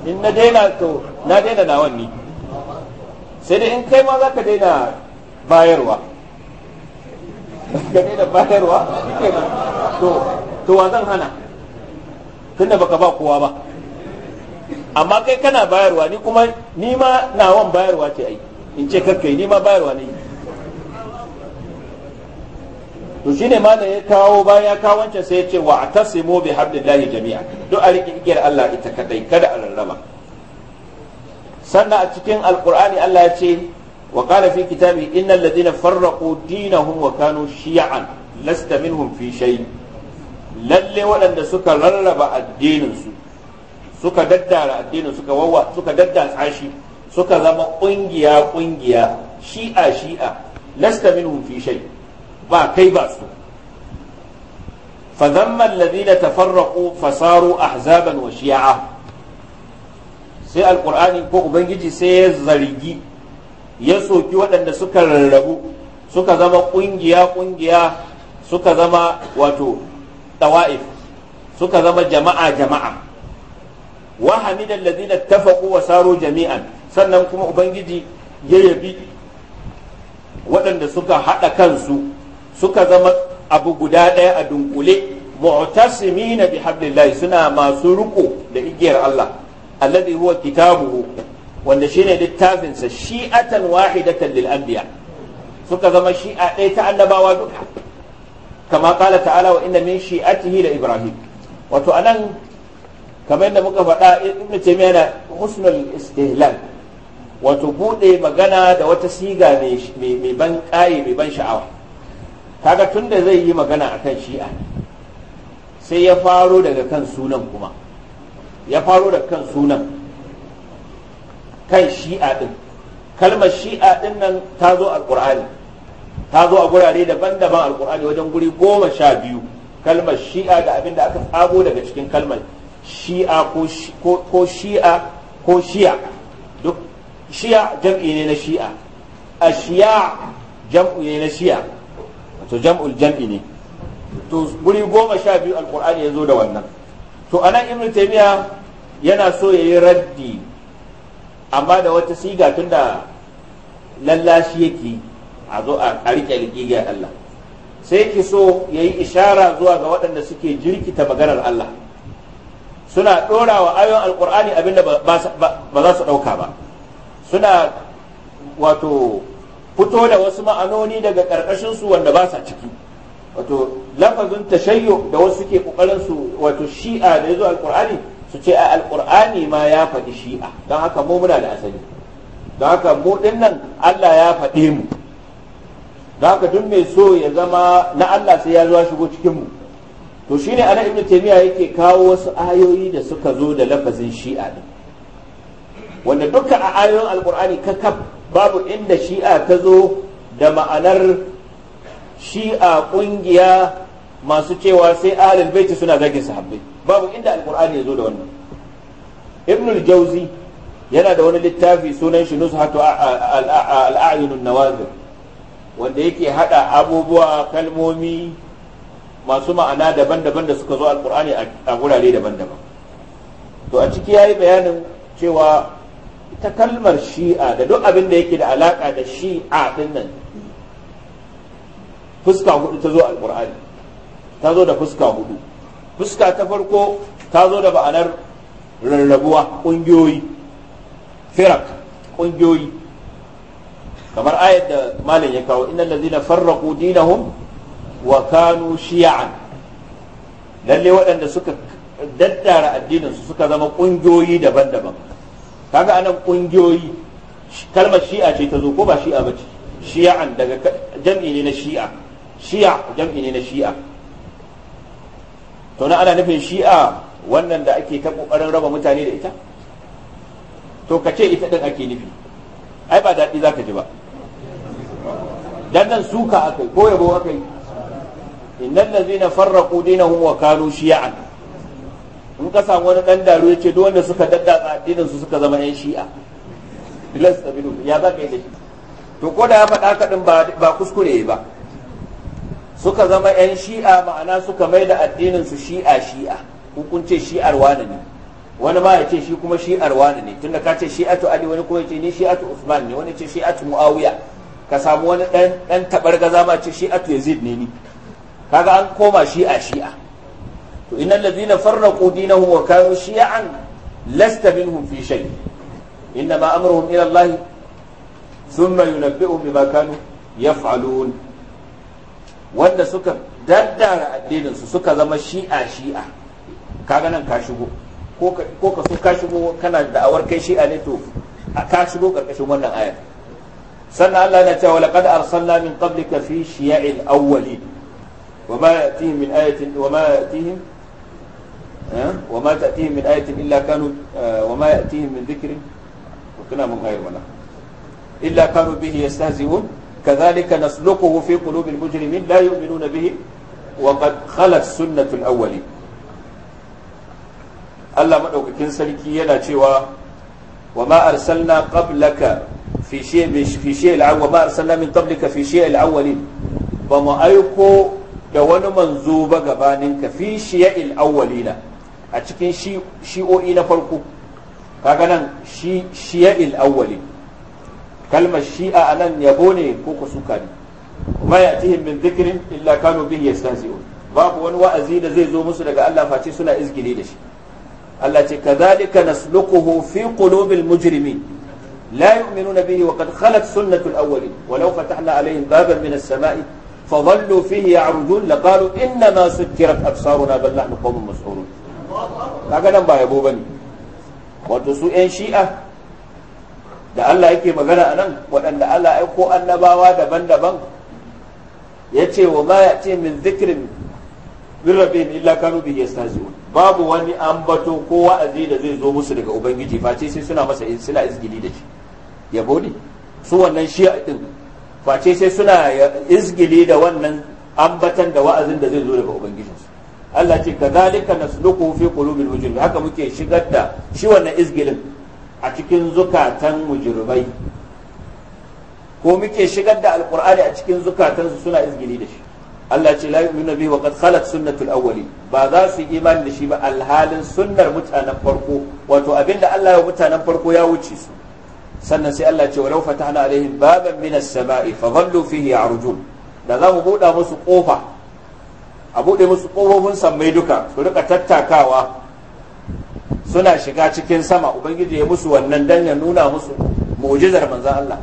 ne in na daina to na daina nawan ne sai dai in kai ma za ka daina bayarwa ka daina bayarwa to to wa zan hana da baka ba kowa ba amma kai kana bayarwa ni kuma ni ma nawan bayarwa ce ai in ce kai ni ma bayarwa ne to shi ma da ya kawo bayan ya kawo wancan sai ya ce wa atasimu bi hablillahi jami'a duk a rike igiyar Allah ita kadai kada a rarraba sannan a cikin alƙur'ani Allah ya ce wa qala fi kitabi innal ladina farraqu dinahum wa kanu shi'an lasta minhum fi shay lalle waɗanda suka rarraba addinin su suka daddara addinin suka wawa suka daddatsa shi suka zama kungiya kungiya shi'a shi'a lasta minhum fi shay' ba kai ba su ta الذين تفرقوا فصاروا احزابا وشيعا sai alkur'ani ko ubangiji sai ya zargi ya soki waɗanda suka rarrabu suka zama ƙungiya ƙungiya suka zama wato ɗawa'if suka zama jama'a jama'a wa hamidan ladina tafaqu wa saru jami'an sannan kuma ubangiji ya yabi waɗanda suka haɗa kansu suka zama abu guda ɗaya a dunkule mu'tasimina bi hablillahi suna masu riko da igiyar Allah alladhi huwa kitabuhu wanda shine littafin sa shi'atan wahidatan lil anbiya suka zama shi'a ɗaya ta annabawa duka kama qala ta'ala wa inna min shi'atihi la ibrahim wato anan kamar da muka faɗa ibnu taymiya na husnul istihlal wato bude magana da wata siga mai ban ƙaye mai ban sha'awa kaga da zai yi magana a kan shi'a sai ya faro daga kan sunan kuma ya faro daga kan sunan kan shi'a din kalmar shi'a din nan ta zo ƙur'ani ta zo a gurare daban-daban ƙur'ani wajen guri goma sha biyu kalmar shi'a da abin da aka tsago daga cikin kalmar shi'a ko shi'a ko shi'a duk shi'a jam'i ne na shi'a shi'a jam'i ne na shi'a to jam'ul jam'i ne to guri goma sha biyu al'ƙur'ani ya zo da wannan to anan ibnu taymiya yana so ya yi raddi amma da wata siga tunda lallashi yake a zo a rike ligigar Allah sai ki so ya yi ishara zuwa ga waɗanda suke jirkita maganar Allah suna ɗora wa ayon alƙur'ani abinda ba za su ɗauka ba suna wato fito da wasu ma'anoni daga ƙarƙashin su wanda ba sa ciki wato lafazin tashayyu da wasu ke kokarin su wato shi'a da yazo alqur'ani su ce a alqur'ani ma ya faɗi shi'a don haka mu muna da asali don haka mu nan Allah ya faɗe mu don haka duk mai so ya zama na Allah sai ya zo shigo cikin mu to shine ana ibnu taymiya yake kawo wasu ayoyi da suka zo da lafazin shi'a din wanda dukkan a ayoyin alqur'ani kakaf babu inda shi'a ta zo da ma'anar shi'a kungiya masu cewa sai ahlul baiti suna zagin sahabbai babu inda alqur'ani ya zo da wannan ibn al-jawzi yana da wani littafi sunan shi nusatu al-a'yunun nawazir wanda yake hada abubuwa kalmomi masu ma'ana daban-daban da suka zo alqur'ani a gurare daban-daban to a ciki yayi bayanin cewa ta kalmar shi'a da duk abin da yake da alaƙa da shi'a din nan fuska hudu ta zo alqur'ani ta zo da fuska hudu fuska ta farko ta zo da ba'anar rarrabuwa ƙungiyoyi firak ƙungiyoyi kamar ayat da malin ya kawo innal ladzina farraku dinahum wa kanu shi'an lalle waɗanda suka daddara addinin su suka zama ƙungiyoyi daban-daban kaga anan kungiyoyi kalmar shi'a ce ta zo ko ba shi'a ba ce shi'an daga jam'i ne na shi'a shi'a jam'i ne na shi'a to na ana nufin shi'a wannan da ake ta kokarin raba mutane da ita to ka ce ita din ake nufi ai ba daɗi za ka ji ba dan nan suka akai ko yabo akai innal ladzina farraqu dinahum wa kanu shi'an in ka samu wani dan daru ya ce duk wanda suka daddatsa addinin su suka zama yan shi'a bilas tabidu ya za ka yi da shi to ko da ya faɗa kaɗin ba kuskure ba suka zama yan shi'a ma'ana suka mai da addinin su shi'a shi'a ce shi'ar wani ne wani ma ya ce shi kuma shi'ar wani ne tunda ka ce shi'atu ali wani kuma ya ce ni shi'atu usman ne wani ce shi'atu muawiya ka samu wani ɗan taɓar gaza ma ce shi'atu yazid ne ni kaga an koma shi'a shi'a to innal ladhina farraqu dinahum wa kanu shi'an lasta minhum fi shay inna ma amruhum ila Allah thumma yunabbi'uhum bima kanu yaf'alun wanda suka daddara addinin su suka zama shi'a shi'a kaga nan ka shigo ko ka so ka shigo kana da'awar kai shi'a ne to ka shigo karkashin wannan ayar sannan Allah yana cewa laqad arsalna min qablika fi shiya'il awwalin wa ma yatihim min ayatin wa Eh? wa ma ta'tihim min ayatin illa kanu eh, wa ma ya'tihim min dhikrin wa kana mun ghayr wala illa kanu bihi yastahzi'un kadhalika nasluquhu fi qulubil mujrimin la yu'minuna bihi wa qad khalat sunnatul awwalin Allah madaukakin sarki yana cewa wa ma arsalna qablaka fi shay'in fi wa ma arsalna min qablika fi shay'il ba mu aiko da wani manzo ba gabaninka fi shiya'il awwalina a cikin shi'o'i na farko kaga nan shi shi'a al-awwali kalmar shi'a anan yabo ne ko kusuka ne ma ya'tihim min dhikrin illa kanu bihi yastahzi'un babu wani wa'azi da zai zo musu daga Allah face suna izgile da shi Allah ce kadhalika nasluquhu fi qulubil mujrimin la yu'minuna bihi wa qad khalat sunnatu al-awwali wa law fatahna alayhim baban min as-sama'i fa dhallu fihi ya'rujun la qalu inna ma sutirat absaruna bal nahnu qawmun mas'ulun kaga nan ba yabo bane wato su yan shi'a da Allah yake magana a nan waɗanda Allah aiko annabawa daban-daban ya ce wa ma ya ce min zikirin min rabbihim illa kanu bihi yastahzi'un babu wani ambato ko wa'azi da zai zo musu daga ubangiji face sai suna masa suna izgili da shi yabo ne su wannan shi'a din face sai suna izgili da wannan ambatan da wa'azin da zai zo daga ubangiji Allah ce kadhalika nasluku fi qulubil mujrimin haka muke shigar da shi wannan izgilin a cikin zukatan mujirbai ko muke shigar da Alƙur'ani a cikin zukatan su suna izgili da shi Allah ce la yu'minu bihi wa qad khalat sunnatul awwali ba za su yi imani da shi ba alhalin sunnar mutanen farko wato abinda Allah ya mutanen farko ya wuce su sannan sai Allah ce walau fatahna alaihim baban minas sama'i fa fihi ya'rujun da za mu buɗa musu kofa a buɗe musu ƙofofin sammai duka su rika tattakawa suna shiga cikin sama ubangiji ya musu wannan dan ya nuna musu mu'jizar manzon Allah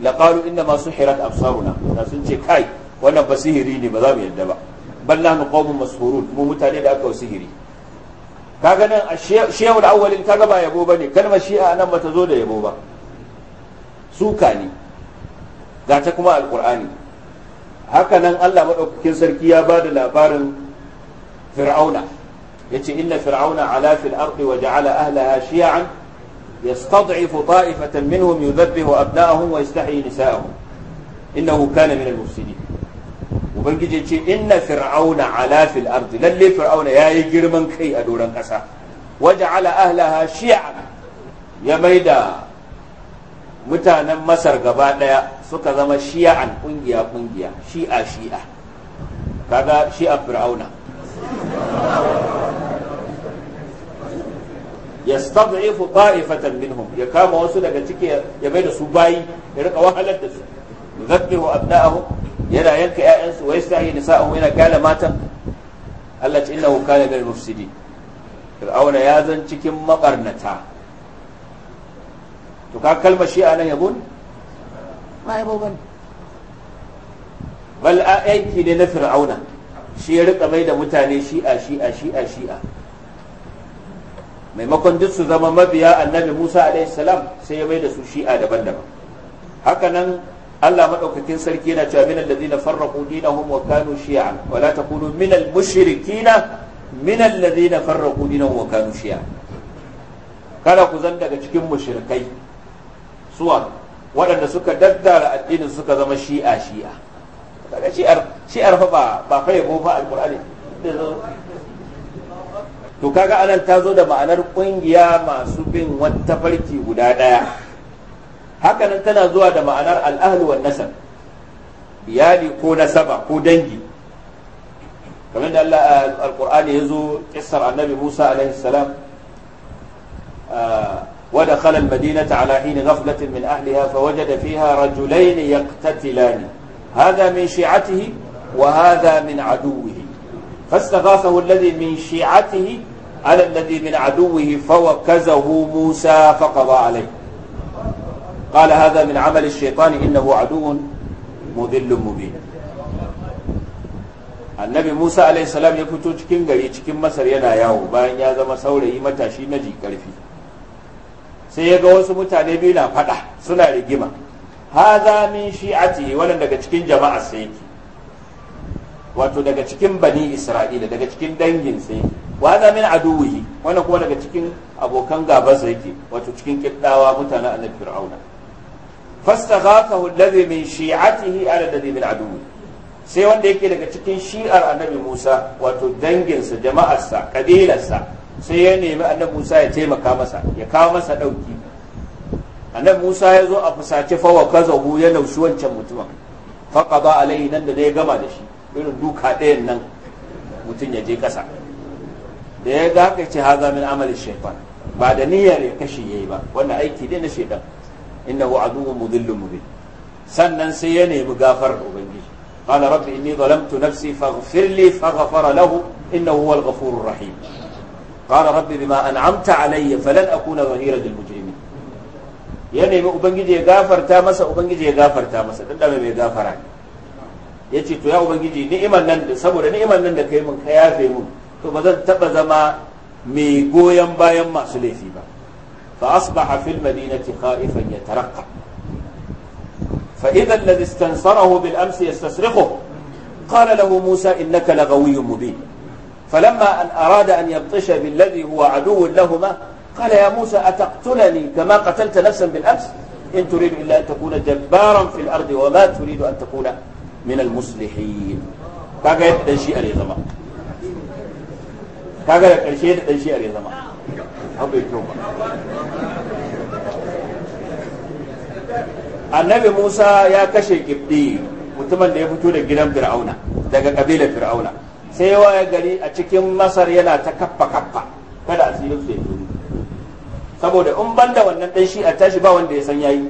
lakalu inda inna ma suhirat absaruna da sun ce kai wannan ba sihiri ne ba za mu yadda ba bal nahnu qaumun mashhurun mu mutane da aka sihiri kaga nan shehul awwalin kaga ba yabo bane kalmar shi'a nan bata zo da yabo ba suka ne ga ta kuma alqur'ani haka nan Allah maɗaukakin sarki ya ba da labarin fir'auna ya ce inna fir'auna ala fil ardi wa ja'ala ahlaha shi'an yastad'ifu ta'ifatan minhum yudhabbihu abna'ahum wa yastahyi nisa'ahum innahu kana min al-mufsidin ubangiji ce inna fir'auna ala fil ardi lalle fir'auna yi girman kai a doron ƙasa wa ja'ala ahlaha shi'an ya maida mutanen masar gaba suka zama shi'an kungiya kungiya shi'a shi'a kaga shi'a fir'auna ta'ifatan minhum ya kama wasu daga ciki ya bai da su bayi ya rika wahalar da su yuzakkiru abna'ahum yana yanka ƴaƴansu wa yastahi nisa'ahum yana kyale matan Allah innahu kana mufsidi fir'auna ya zan cikin makarnata. to ka kalmar shi'a nan yabo ba yabo bane bal aiki ne na fir'auna shi ya rika mai da mutane shi'a shi'a shi'a shi'a maimakon duk su zama mabiya annabi Musa alaihi salam sai ya mai da su shi'a daban-daban hakanan Allah maɗaukakin sarki yana cewa minal ladina farraqu dinahum wa kanu shi'a wala la takunu minal mushrikina minal ladina farraqu dinahum wa kanu shi'a kada ku zan daga cikin mushrikai suwa waɗanda suka daddara addinin suka zama shi'a shi'a kaga shi'ar shi'ar fa ba ba fa yabo fa alqur'ani to kaga anan ta zo da ma'anar kungiya masu bin wata farki guda daya hakanan tana zuwa da ma'anar al'ahli wan nasab iyali ko nasaba ko dangi kamar da Allah alqur'ani yazo kissar annabi Musa alaihi salam ah, ودخل المدينة على حين غفلة من أهلها فوجد فيها رجلين يقتتلان هذا من شيعته وهذا من عدوه فاستغاثه الذي من شيعته على الذي من عدوه فوكزه موسى فقضى عليه قال هذا من عمل الشيطان إنه عدو مذل مبين annabi musa alaihissalam ya fito cikin gari cikin masar yana yawo bayan ya zama saurayi matashi maji karfi sai ya ga wasu mutane biyu na faɗa suna rigima haza min shi'ati wannan daga cikin jama'a sai yake wato daga cikin bani isra'ila daga cikin dangin sai wa haza min aduwihi wannan kuma daga cikin abokan gaba sai yake wato cikin kiddawa mutanen annabi fir'auna fastaghathahu alladhi min shi'atihi ala alladhi min aduwihi sai wanda yake daga cikin shi'ar annabi Musa wato danginsa jama'arsa kabilarsa sai ya nemi annabi Musa ya taimaka masa ya kawo masa ɗauki annabi Musa ya zo a fusace fawa kazahu ya laushi wancan mutumin faqada alaihi nan da ya gama da shi irin duka ɗayan nan mutum ya je ƙasa da ya ga haka ce haza min amali ba da niyyar ya kashe yayi ba wannan aiki ne na shaytan innahu aduwwun mudillun mubin sannan sai ya nemi gafar ubangiji قال رب إني ظلمت نفسي فاغفر لي فغفر له إنه هو الغفور الرحيم qala rabbi bima an'amta alayya falan akuna zahiran lil mujrimin ya nemi ubangiji ya gafarta masa ubangiji ya gafarta masa dan dame mai gafara ya ce to ya ubangiji ni'imar nan da saboda ni'imar nan da kai mun ka yafe mun to ba zan taba zama mai goyon bayan masu laifi ba fa asbaha fil madinati khaifan yataraqqa fa idha alladhi istansarahu bil amsi yastasrikhu qala lahu musa innaka lagawiyyun mubin فلما أن أراد أن يبطش بالذي هو عدو لهما قال يا موسى أتقتلني كما قتلت نفسا بالأمس إن تريد إلا أن تكون جبارا في الأرض وما تريد أن تكون من المصلحين كاكا يتنشي أري زمان كاكا يتنشي أري زمان النبي موسى يا كشي كبدي متمنى يفتون الجنم فرعون دقا قبيلة فرعونه sai waya gari a cikin masar yana ta kappa kappa kada a tsirin su yanzu saboda in banda wannan dan shi a tashi ba wanda ya san yayi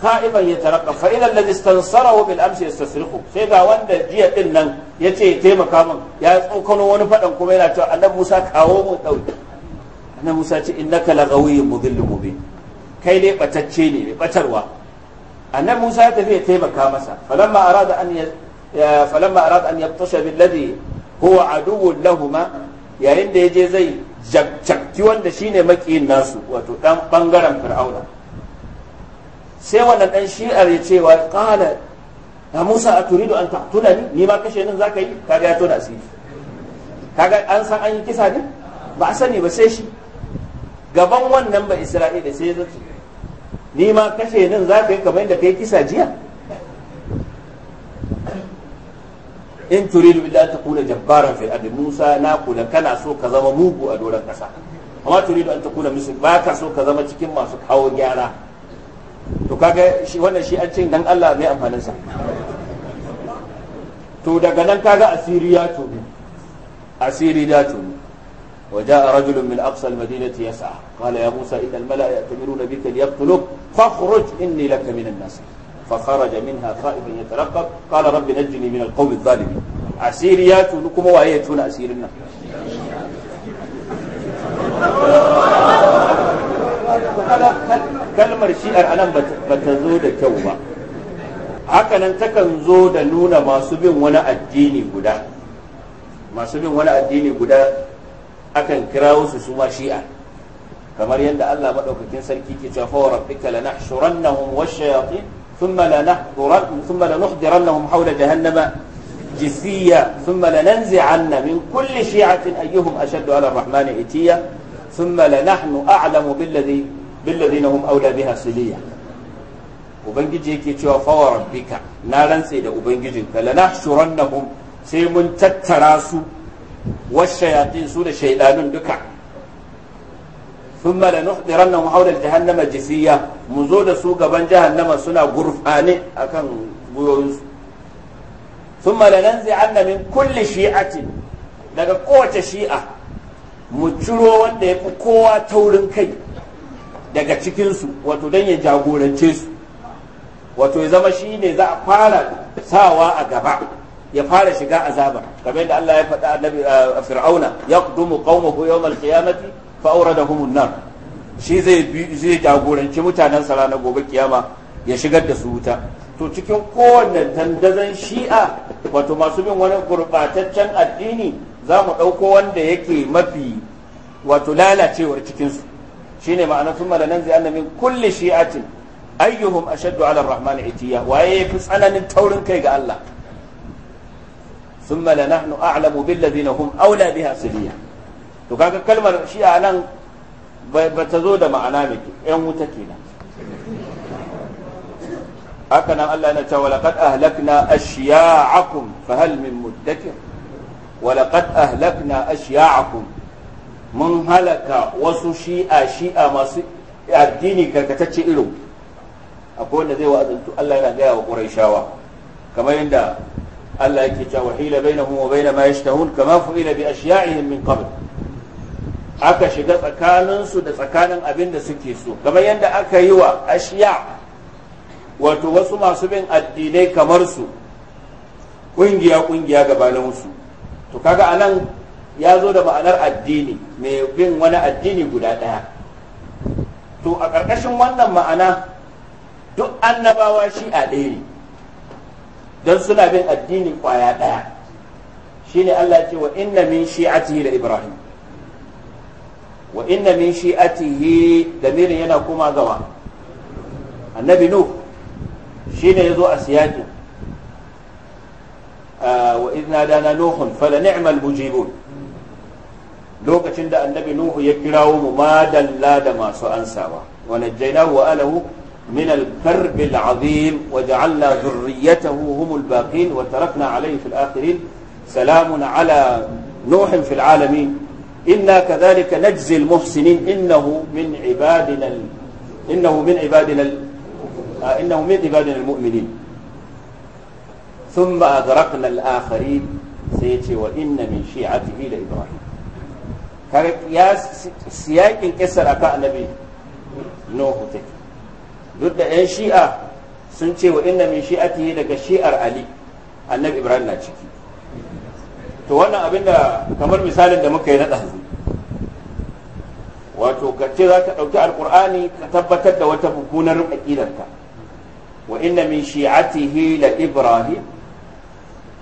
khaifan yataraqqa fa idan alladhi istansarahu bil amsi yastasriqu sai ga wanda jiya din nan yace taimaka min ya tsokano wani fadan kuma yana cewa annabi Musa kawo mu dauki annabi Musa ce innaka lagawiyyun mudhillun mubin kai dai batacce ne mai batarwa annabi Musa ya tafi ya taimaka masa falamma arada an falamma arad an yabtasha billadhi huwa aduwwun lahuma yayin da je zai jakki wanda shine makiyin nasu wato dan bangaren fir'auna sai wannan dan shi'ar ya ce wa qala ya musa aturidu an taqtulani ni ma kashe zaka yi kaga ya tona asiri kaga an san an yi kisa ne ba a sani ba sai shi gaban wannan ba isra'ila sai ya ni ma kashe nan ka yi kamar yadda yi kisa jiya in turidu ta kuna jabbaran fil ardi musa na kula kana so ka zama mugu a doron kasa amma turidu an ta kuna musu ba ka so ka zama cikin masu kawo gyara to kaga shi wannan shi an ce dan Allah mai amfanin sa to daga nan kaga asiri ya tobi asiri ya tobi وجاء رجل من أقصى المدينة يسعى قال يا موسى إن الملأ يأتمرون بك ليقتلوك فاخرج إني لك من الناصحين فخرج منها خائفا يترقب قال رب نجني من القوم الظالمين asiri ya tunu kuma waye ya tuna asirin nan kalmar shi'ar anan ba ta zo da kyau ba hakanan takan zo da nuna masu bin wani addini guda masu bin wani addini guda akan kira su suma shi'a kamar yadda Allah maɗaukakin sarki ke cewa fa rabbika lanahshurannahum wash-shayatin ثم لنحضرن ثم لنحضرنهم حول جهنم جسيا ثم لننزعن من كل شيعة أيهم أشد على الرحمن إتيا ثم لنحن أعلم بالذي بالذين هم أولى بها سليا وبنجي كي ربك نارا سيدا وبنجي فلنحشرنهم سيمن تتراسو والشياطين سود الشيطان دكا thumma lanuhdirannahum hawla jahannama jisiya mu zo da su gaban jahannama suna gurfane akan guyoyinsu thumma lananzi'anna min kulli shi'atin daga kowace shi'a mu ciro wanda ya fi kowa taurin kai daga cikinsu wato don ya jagorance su wato ya zama shi ne za'a fara sawa a gaba ya fara shiga azaba game da Allah ya faɗa a fir'auna ya kudumu qaumahu yawmal qiyamati fa da nar shi zai jagoranci mutanen sa na gobe kiyama ya shigar da su wuta to cikin kowanne dandazon shi'a wato masu bin wani gurbataccen addini za mu ɗauko wanda yake mafi wato lalacewar cikinsu shine ma'ana sun malanan zai annamin kulle shi'atin ayyuhum ashaddu ala rahmani itiya waye yafi tsananin taurin kai ga Allah thumma lanahnu a'lamu billadhina hum awla biha siliya to kaga kalmar shi a nan ba ta zo da ma'ana mai yan wuta kenan haka nan Allah yana cewa laqad ahlakna ashya'akum fa hal min muddakir wa laqad ahlakna ashya'akum mun halaka wasu shi'a shi'a masu addini karkatacce irin akwai wanda zai wa'azantu Allah yana gaya wa Qurayshawa kamar yadda Allah yake cewa hila bainahum wa bain ma yashtahun kama fu'ila bi ashya'ihim min qabl aka shiga tsakaninsu da tsakanin abin da suke so kamar yadda aka yi wa ashiya wato wasu masu bin addinai kamar su kungiya kungiya gabanin su to kaga anan ya zo da ma'anar addini mai bin wani addini guda daya to a ƙarƙashin wannan ma'ana duk annabawa shi a ɗaya don suna bin addini ƙwaya ɗaya ne Allah ce wa inna min shi'ati da Ibrahim wa inna min shi'atihi damirin yana koma gawa annabi nuh shine yazo a siyaqi wa idna dana nuhun fala ni'mal mujibun lokacin da annabi nuhu ya kirawo mu madalla da masu ansawa wa najjaynahu wa alahu من الكرب العظيم وجعلنا ذريته هم الباقين وتركنا عليه في الآخرين سلام على نوح في العالمين inna kadhalika najzil muhsinin innahu min ibadina innahu min ibadina innahu min ibadina almu'minin thumma aghraqna al-akharin sai yace wa inna min ibrahim kare ya siyakin kisar akan annabi nuhu take duk da yan shi'a sun ce wa inna min shi'atihi daga shi'ar ali annabi ibrahim na ciki to wannan abin da kamar misalin da muka yi na ɗazu wato ka za ka ɗauki alƙur'ani ka tabbatar da wata bukunar aƙidarka wa inna min shi'atihi la ibrahim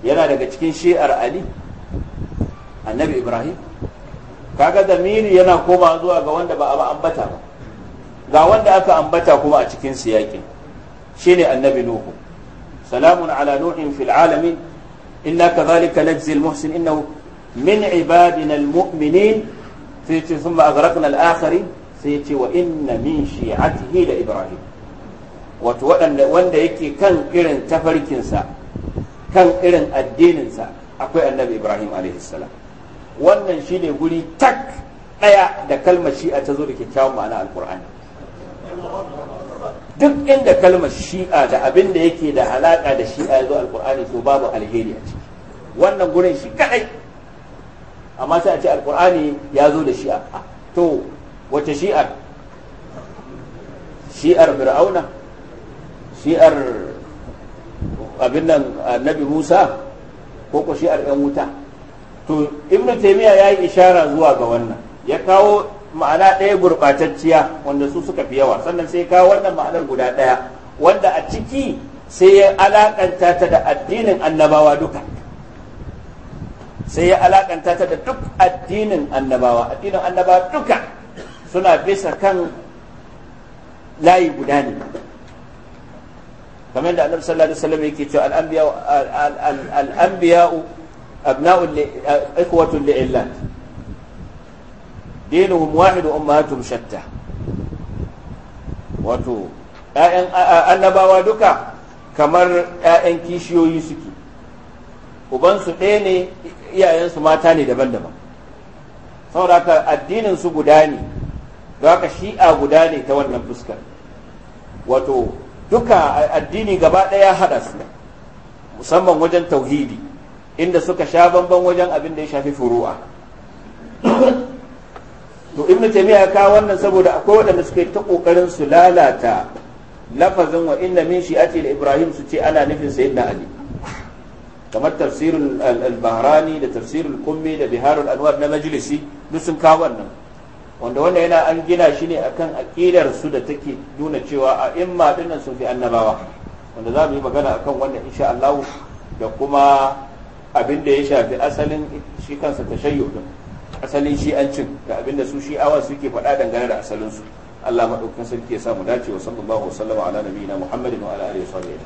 yana daga cikin shi'ar ali annabi ibrahim kaga zamiri yana koma zuwa ga wanda ba a ba ambata ba ga wanda aka ambata kuma a cikin siyakin shine annabi nuhu salamun ala nuhin fil alamin inna kadhalika najzi al-muhsin innahu min ibadina al-mu'minin sai ce thumma aghraqna al sai ce wa inna min shi'atihi da ibrahim wato wanda yake kan irin tafarkinsa kan irin addininsa akwai annabi ibrahim alaihissalam wannan shine guri tak daya da kalmar shi'a ta zo da kyakkyawan ma'ana alkur'ani duk inda kalmar shi'a da abin da yake da halaka da shi'a ya zo alkur'ani to babu alheri a ciki wannan gurin shi kadai amma sai a ce alkur'ani ya zo da shi'a to wace shi'ar shi'ar fir'auna shi'ar abin nan annabi musa ko ko shi'ar yan wuta to ibnu taymiya ya yi ishara zuwa ga wannan ya kawo ma'ana ɗaya gurɓatacciya wanda su suka fi yawa sannan sai ka wannan ma'anar guda ɗaya wanda a ciki sai ya alakanta ta da addinin annabawa duka sai ya alakanta ta da duk addinin annabawa addinin annabawa duka suna bisa kan layi guda ne kamar da annabi sallallahu alaihi wasallam yake cewa al anbiya al anbiya abna'u ikwatu li'illah dinuhum wahidu ummatum shatta wato ƴaƴan annabawa duka kamar ƴaƴan kishiyoyi suke ubansu ɗaya ne iyayensu mata ne daban-daban saboda haka addinin su guda ne don haka shi'a guda ne ta wannan fuskar wato duka addini gaba ɗaya haɗa su musamman wajen tauhidi inda suka sha bamban wajen abin da ya shafi furu'a to ibnu taymiya ya wannan saboda akwai wadanda suka yi ta kokarin su lalata lafazin wa inna min shi'ati ibrahim su ce ana nufin sayyidina ali kamar tafsirul al-bahrani da tafsirul kummi da biharul anwar na majlisi duk sun kawo wannan wanda wannan yana an gina shi ne akan aqidar su da take nuna cewa a imma dinnan sun fi annabawa wanda za mu yi magana akan wannan insha Allah da kuma abin da ya shafi asalin shi kansa tashayyu din asalin shi'ancin da abinda su shi'awa suke faɗa dangane da asalinsu Allah maɗaukakin sarki ya samu dace wa sallallahu wasallama ala Muhammadin wa ala alihi wa sahbihi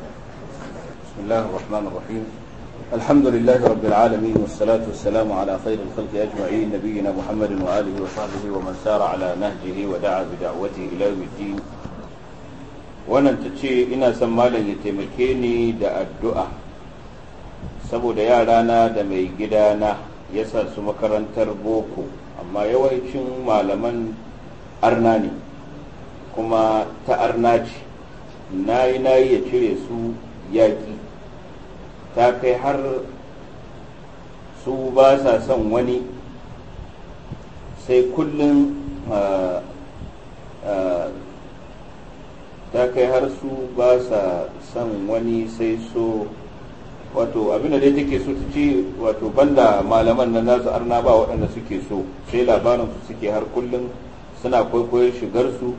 bismillahir rahmanir rahim alhamdulillahi rabbil alamin wassalatu wassalamu ala khairil khalqi ajma'in nabiyina Muhammadin wa alihi wa sahbihi wa man sara ala nahjihi wa da'a bi da'watihi ila yawmiddin wannan ta ce ina son malam ya taimake ni da addu'a saboda yarana da mai gidana ya sa su makarantar boko amma yawancin malaman arna ne kuma ta arna ce na na nayi ya cire su yaƙi ta kai har su ba sa son wani sai kullum ta kai har su ba sa son wani sai so wato abin da dai take so ta ci wato banda malaman nan nasu arna ba waɗanda suke so sai labarin su suke har kullum suna kwaikwayon shigarsu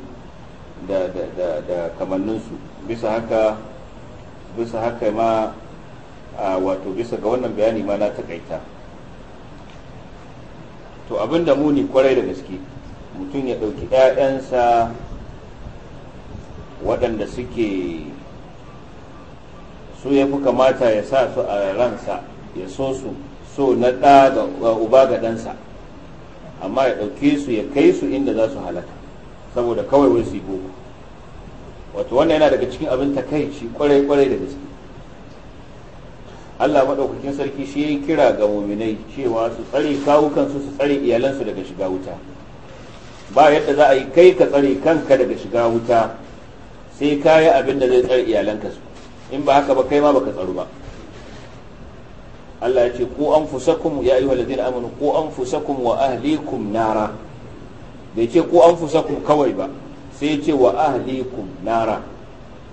da da da da kamanninsu bisa haka bisa haka ma wato bisa ga wannan bayani ma na takaita to abin da muni kwarai da gaske mutum ya ɗauki 'ya'yansa waɗanda suke su ya fi kamata ya sa su a ransa ya so su so na ɗa ga uba ga ɗansa amma ya ɗauke su ya kai su inda za su halaka saboda kawai wai su yi boko wato wannan yana daga cikin abin ta shi kwarai kwarai da gaske Allah maɗaukakin sarki shi ya kira ga muminai cewa su tsare kawukansu su tsare iyalansu daga shiga wuta ba yadda za a yi kai ka tsare kanka daga shiga wuta sai ka abin da zai tsare iyalanka su in ba haka ba kai ma baka tsaro ba Allah ya ce ku anfusakum ya ayyuhal ladina amanu ku anfusakum wa ahlikum nara bai ce ku anfusakum kawai ba sai ce wa ahlikum nara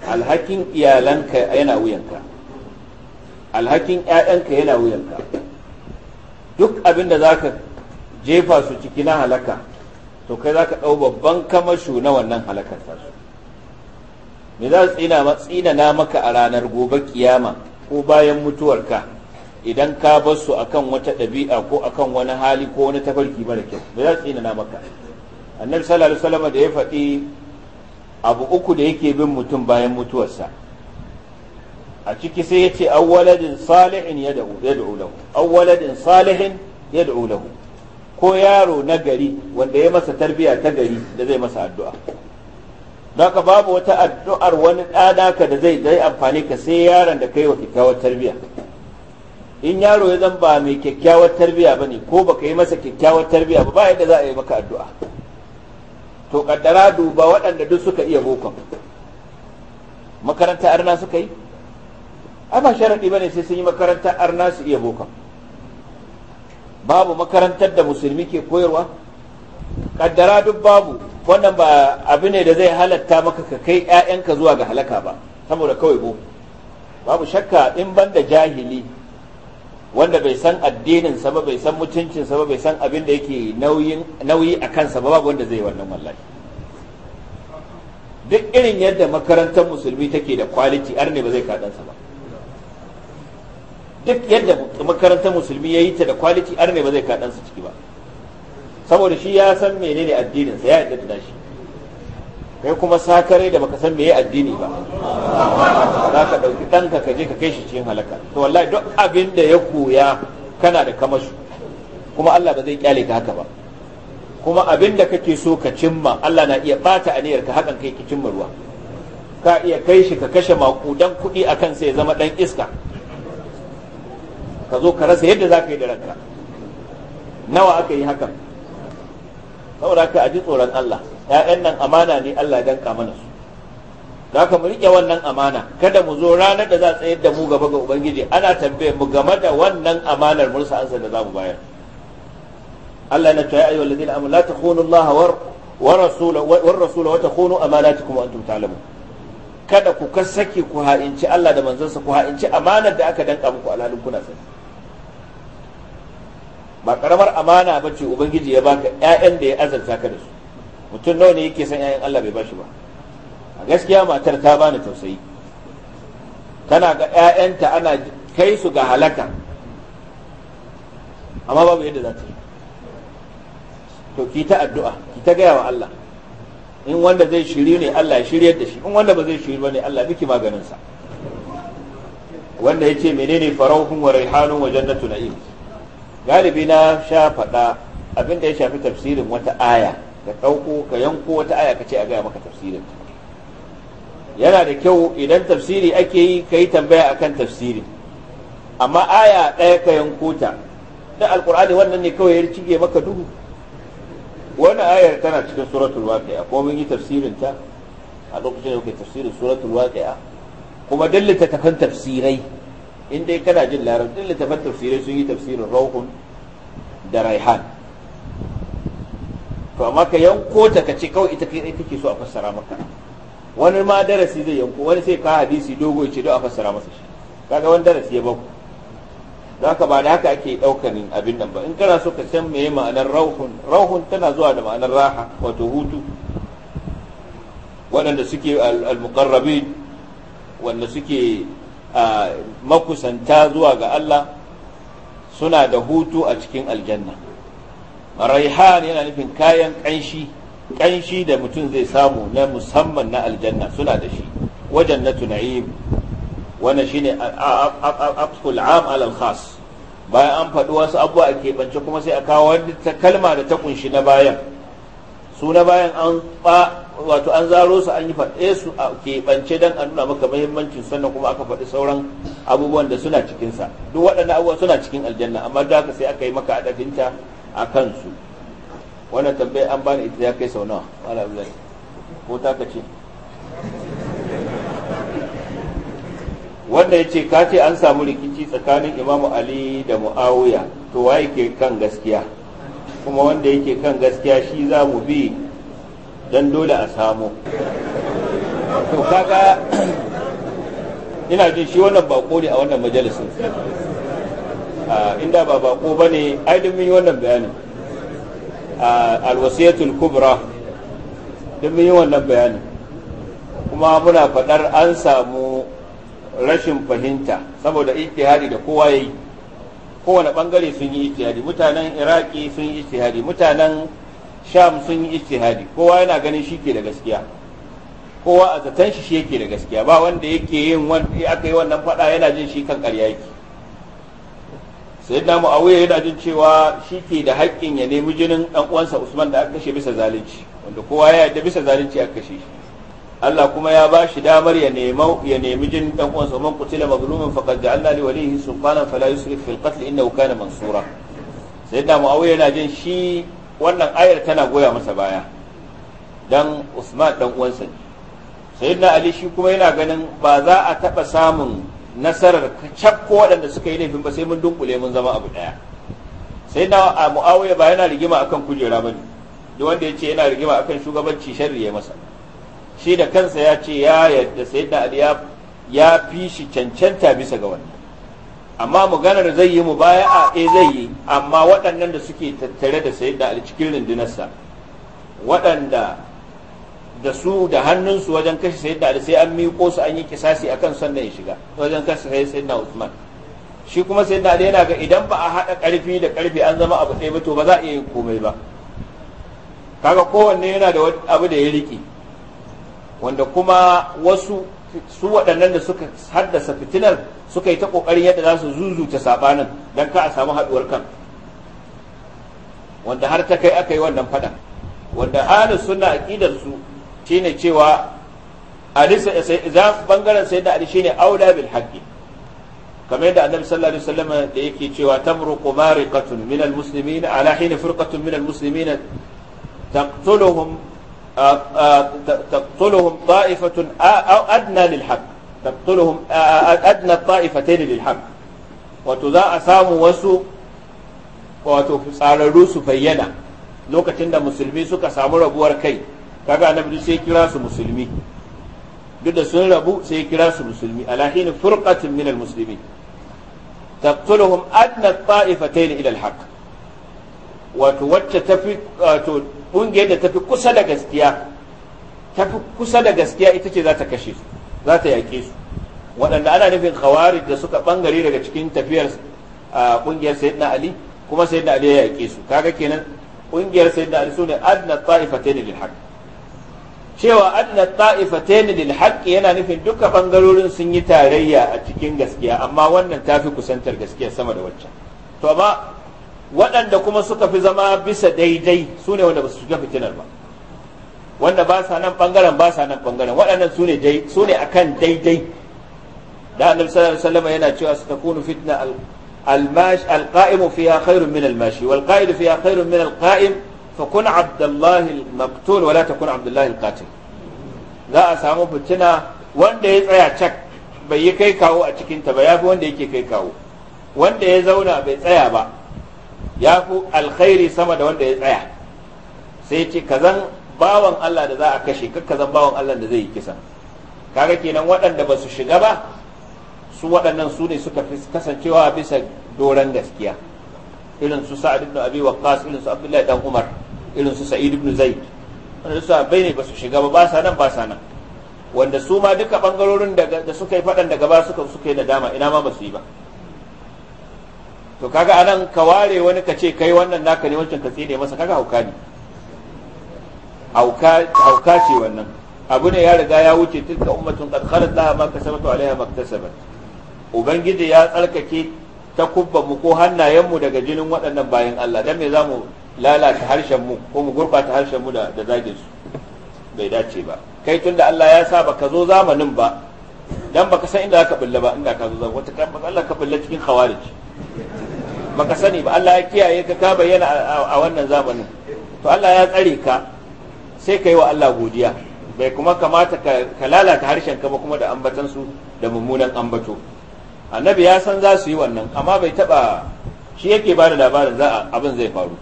alhakin iyalanka yana wuyanka alhakin ƴaƴanka yana wuyanka duk abin da zaka jefa su ciki na halaka to kai zaka ɗau babban kamashu na wannan halakar su me za su tsinana maka a ranar gobe kiyama ko bayan mutuwarka idan ka bar su akan wata ɗabi'a ko akan wani hali ko wani tafarki mara kyau me za su tsinana maka annabi sallallahu alaihi wasallam da ya faɗi abu uku da yake bin mutum bayan mutuwarsa a ciki sai ya ce awwaladin salihin ya da'u lahu awwaladin salihin ya da'u lahu ko yaro na gari wanda ya masa tarbiya ta gari da zai masa addu'a haka babu wata addu'ar wani ɗanaka da zai zai amfani ka sai yaron da kai wa kyakkyawar tarbiyya in yaro ya zamba mai kyakkyawar tarbiyya ba ne ko baka yi masa kyakkyawar tarbiyya ba ba yadda za a yi maka addu'a to kaddara duba waɗanda duk suka iya bokon makaranta arna suka yi a ba sharaɗi ba ne sai sun yi makaranta arna su iya bokon babu makarantar da musulmi ke koyarwa kaddara duk babu wannan ba abu ne da zai halatta maka ka kai 'ya'yanka zuwa ga halaka ba saboda kawai bu babu shakka in ban da jahili wanda bai san addinin sa ba bai san mutuncin sa ba bai san abin da yake nauyi a kansa ba babu wanda zai wannan wallahi duk irin yadda makarantar musulmi take da kwaliti ar ne ba zai kaɗansa ba duk yadda makarantar musulmi ya yi ta da kwaliti ar ne ba zai kaɗansa ciki ba saboda shi ya san menene addinin sa ya yarda da shi kai kuma sakare da baka san meye addini ba za ka ɗauki ɗanka ka je ka kai shi cikin halaka to wallahi duk abin da ya koya kana da kamashu kuma Allah ba zai kyale ka haka ba kuma abin da kake so ka cimma Allah na iya bata aniyar ka hakan kai ki cimma ruwa ka iya kai shi ka kashe makudan kuɗi akan sai ya zama ɗan iska ka zo ka rasa yadda za ka yi da ranka nawa aka yi hakan saboda ka aji tsoron Allah ‘ya’yan nan amana ne Allah ya danka mana su za ka mu rike wannan amana kada mu zo ranar da za a tsayar da mu gaba ga ubangiji ana tambaye mu game da wannan amanar mursa da za mu bayar Allah na ta ayyuhal ladina amanu la takhunu Allah war war rasul war rasul wa takhunu amanatukum wa antum ta'lamun kada ku kasake ku ha'inci Allah da manzansa ku ha'inci amanar da aka danka muku alhalin kuna ba karamar amana ba ce ubangiji ya baka ƴaƴan da ya azanta ka da su mutum nawa ne yake san ƴaƴan Allah bai bashi ba a gaskiya matar ta bani tausayi tana ga ƴaƴanta ana kai su ga halaka amma babu yadda za ta yi to ki ta addu'a ki ta gaya wa Allah in wanda zai shiri ne Allah ya shiryar da shi in wanda ba zai shiri ba ne Allah maganin maganinsa wanda ya ce menene farauhun wa raihanun wa jannatu na'im galibi na sha faɗa abin da ya shafi tafsirin wata aya ka ɗauko ka yanko wata aya ka ce a gaya maka tafsirin yana da kyau idan tafsiri ake yi ka yi tambaya akan tafsiri amma aya ɗaya ka yanko ta da alkur'ani wannan ne kawai ya cige maka duhu Wannan ayar tana cikin suratul waqi'a ko mun yi tafsirin ta a lokacin da kuke tafsirin suratul waqi'a kuma dallata tafan tafsirai in dai kana jin larabci din littafin tafsirai sun yi tafsirin rauhun da raihan to amma ka yanko ta ka ce kawai ita kai kake so a fassara maka wani ma darasi zai yanko wani sai ka hadisi dogo ya ce don a fassara masa shi kaga wani darasi ya baku don haka ba da haka ake ɗaukanin abin nan ba in kana so ka san meye ma'anar rauhun rauhun tana zuwa da ma'anar raha wato hutu waɗanda suke al-muqarrabin wanda suke makusanta zuwa ga Allah suna da hutu a cikin aljanna raihan yana nufin kayan ƙanshi ƙanshi da mutum zai samu na musamman na aljanna suna da shi wajen na tuna'im wannan shine absul am alal khas bayan an faɗi wasu abubuwa a keɓance kuma sai a kawo wadda ta kalma da ta kunshi na bayan su na bayan an wato an zaro su an yi faɗe su a keɓance don a nuna maka mahimmancin sannan kuma aka faɗi sauran abubuwan da suna cikinsa duk waɗanda abubuwan suna cikin aljanna amma da haka sai aka yi maka adadinta a kansu wannan tambaya an bani ita ya kai sau nawa wala ko ta ce wanda ya ce ka ce an samu rikici tsakanin imamu ali da mu'awiya to waye ke kan gaskiya kuma wanda yake kan gaskiya shi za mu bi don dole a samu to kaga ina jin shi wannan bako ne a wannan majalisin inda ba bako ba ne yi wannan bayanin alwasiyatul kubra don mun yi wannan bayanin kuma muna faɗar an samu rashin fahimta saboda ijtihadi da kowa ya yi. kowane ɓangare sun yi ijtihadi mutanen iraki sun yi ijtihadi mutanen sham sun yi ijtihadi kowa yana ganin shi ke da gaskiya kowa a zaton shi shi yake da gaskiya ba wanda yake yin wanda aka yi wannan fada yana jin shi kan ƙarya yake sayyidina muawiya yana jin cewa shi ke da haƙƙin ya nemi jinin dan uwansa usman da aka kashe bisa zalunci wanda kowa ya yadda bisa zalunci aka kashe shi Allah kuma ya ba shi damar ya nemi ya nemi jinin dan uwansa man qutila mazlumin faqad ja'alna li walihi sultanan fala yusrif fil qatl innahu kana mansura sayyidina muawiya yana jin shi wannan ayar tana goya masa baya dan Usman dan uwansa ne sayyidina Ali shi kuma yana ganin ba za a taba samun nasarar cakko waɗanda suka yi laifin ba sai mun dunkule mun zama abu daya sayyidina Muawiya ba yana rigima akan kujera bane duk wanda ce yana rigima akan shugabanci sharri ya masa shi da kansa ya ce ya yadda sayyidina Ali ya ya fi shi cancanta bisa ga wannan amma maganar zai yi mu mubaya'a a eh zai yi amma waɗannan da suke tattare da sayyidina ali cikin rundunarsa waɗanda da su da hannunsu wajen kashe sayyidina ali sai an miƙo su an yi kisasi akan da ya shiga wajen kashe da usman shi kuma sayyidina ali yana ga idan ba a haɗa ƙarfi da ƙarfi an zama abu ɗaya ba to ba za a iya yin komai ba kaga kowanne yana da abu da ya riƙe wanda kuma wasu su waɗannan da suka haddasa fitinar suka yi ta ƙoƙarin yadda za su zuzuta sabanin don ka a samu haɗuwar kan wanda har ta kai aka yi wannan faɗan wanda ahlus suna aqidar su shine cewa ali za bangaren da ali shine aula bil haqqi kamar yadda annabi sallallahu alaihi wasallam da yake cewa tamruqu mariqatun min al muslimin ala hin furqatun min muslimin taqtuluhum تقتلهم طائفة أو أدنى للحق تقتلهم أدنى الطائفتين للحق وتذا أسام وسو وتسارروا سفينا lokacin da musulmi suka samu rabuwar kai kaga annabi sai kira su musulmi duk da sun rabu sai kira su musulmi alahin furqatin min almuslimin taqtuluhum adna ta'ifatayn ila wato wacce ƙungiyar da tafi kusa da gaskiya tafi kusa da gaskiya ita ce za ta kashe su za ta yaƙe su waɗanda ana nufin khawarij da suka ɓangare daga cikin tafiyar a ƙungiyar sayyidina ali kuma sayyidina ali ya yaƙe su kaga kenan ƙungiyar sayyidina ali sune adna ta'ifatayn lil haqq cewa adna ta'ifatayn lil haqq yana nufin duka bangarorin sun yi tarayya a cikin gaskiya amma wannan tafi kusantar gaskiya sama da waccan to amma waɗanda kuma suka fi zama bisa daidai su ne wanda ba su shiga fitinar ba wanda ba sa nan ɓangaren ba sa nan ɓangaren waɗannan su ne su ne akan daidai da annabi sallallahu alaihi wasallam yana cewa su takunu fitna al الماش القائم فيها خير من الماشي والقائد فيها خير من القائم فكن عبد الله المقتول ولا تكن عبد الله القاتل za a samu fitina wanda ya tsaya cak bai yi kai kawo a cikinta ba ya fi wanda yake kai kawo wanda ya zauna bai tsaya ba ya fi alkhairi sama da wanda ya tsaya sai ce kazan bawan Allah da za a kashe ka zan bawan Allah da zai yi kisa kaga kenan waɗanda ba su shiga ba su waɗannan su ne suka fi kasancewa bisa doron gaskiya irin su sa'ad ibn abi waqqas irin su abdullahi dan umar irin su sa'id ibn zaid wanda su bai ne ba su shiga ba ba sa nan ba sa nan wanda su ma duka bangarorin da suka yi faɗan daga ba suka suka yi nadama ina ma ba su yi ba to kaga anan ka ware wani ka ce kai wannan naka ne wancan ka tsine masa kaga hauka ne hauka ce wannan abu ne ya riga ya wuce tilka ummatun qad khalat laha ma kasabat wa alaiha maktasabat ubangiji ya tsarkake ta kubba mu ko hannayen mu daga jinin waɗannan bayan Allah dan me zamu lalata harshen mu ko mu gurbata harshen mu da zagin su bai dace ba kai tunda Allah ya sa ka zo zamanin ba dan baka san inda zaka bulla ba inda ka zo zaka wata kan baka Allah ka bulla cikin khawarij baka sani ba Allah ya kiyaye ka ka bayyana a wannan zamanin to Allah ya tsare ka sai ka yi wa Allah godiya bai kuma kamata ka lalata harshen ka ba kuma da ambatan su da mummunan ambato annabi ya san za su yi wannan amma bai taba shi yake ba da labarin za abin zai faru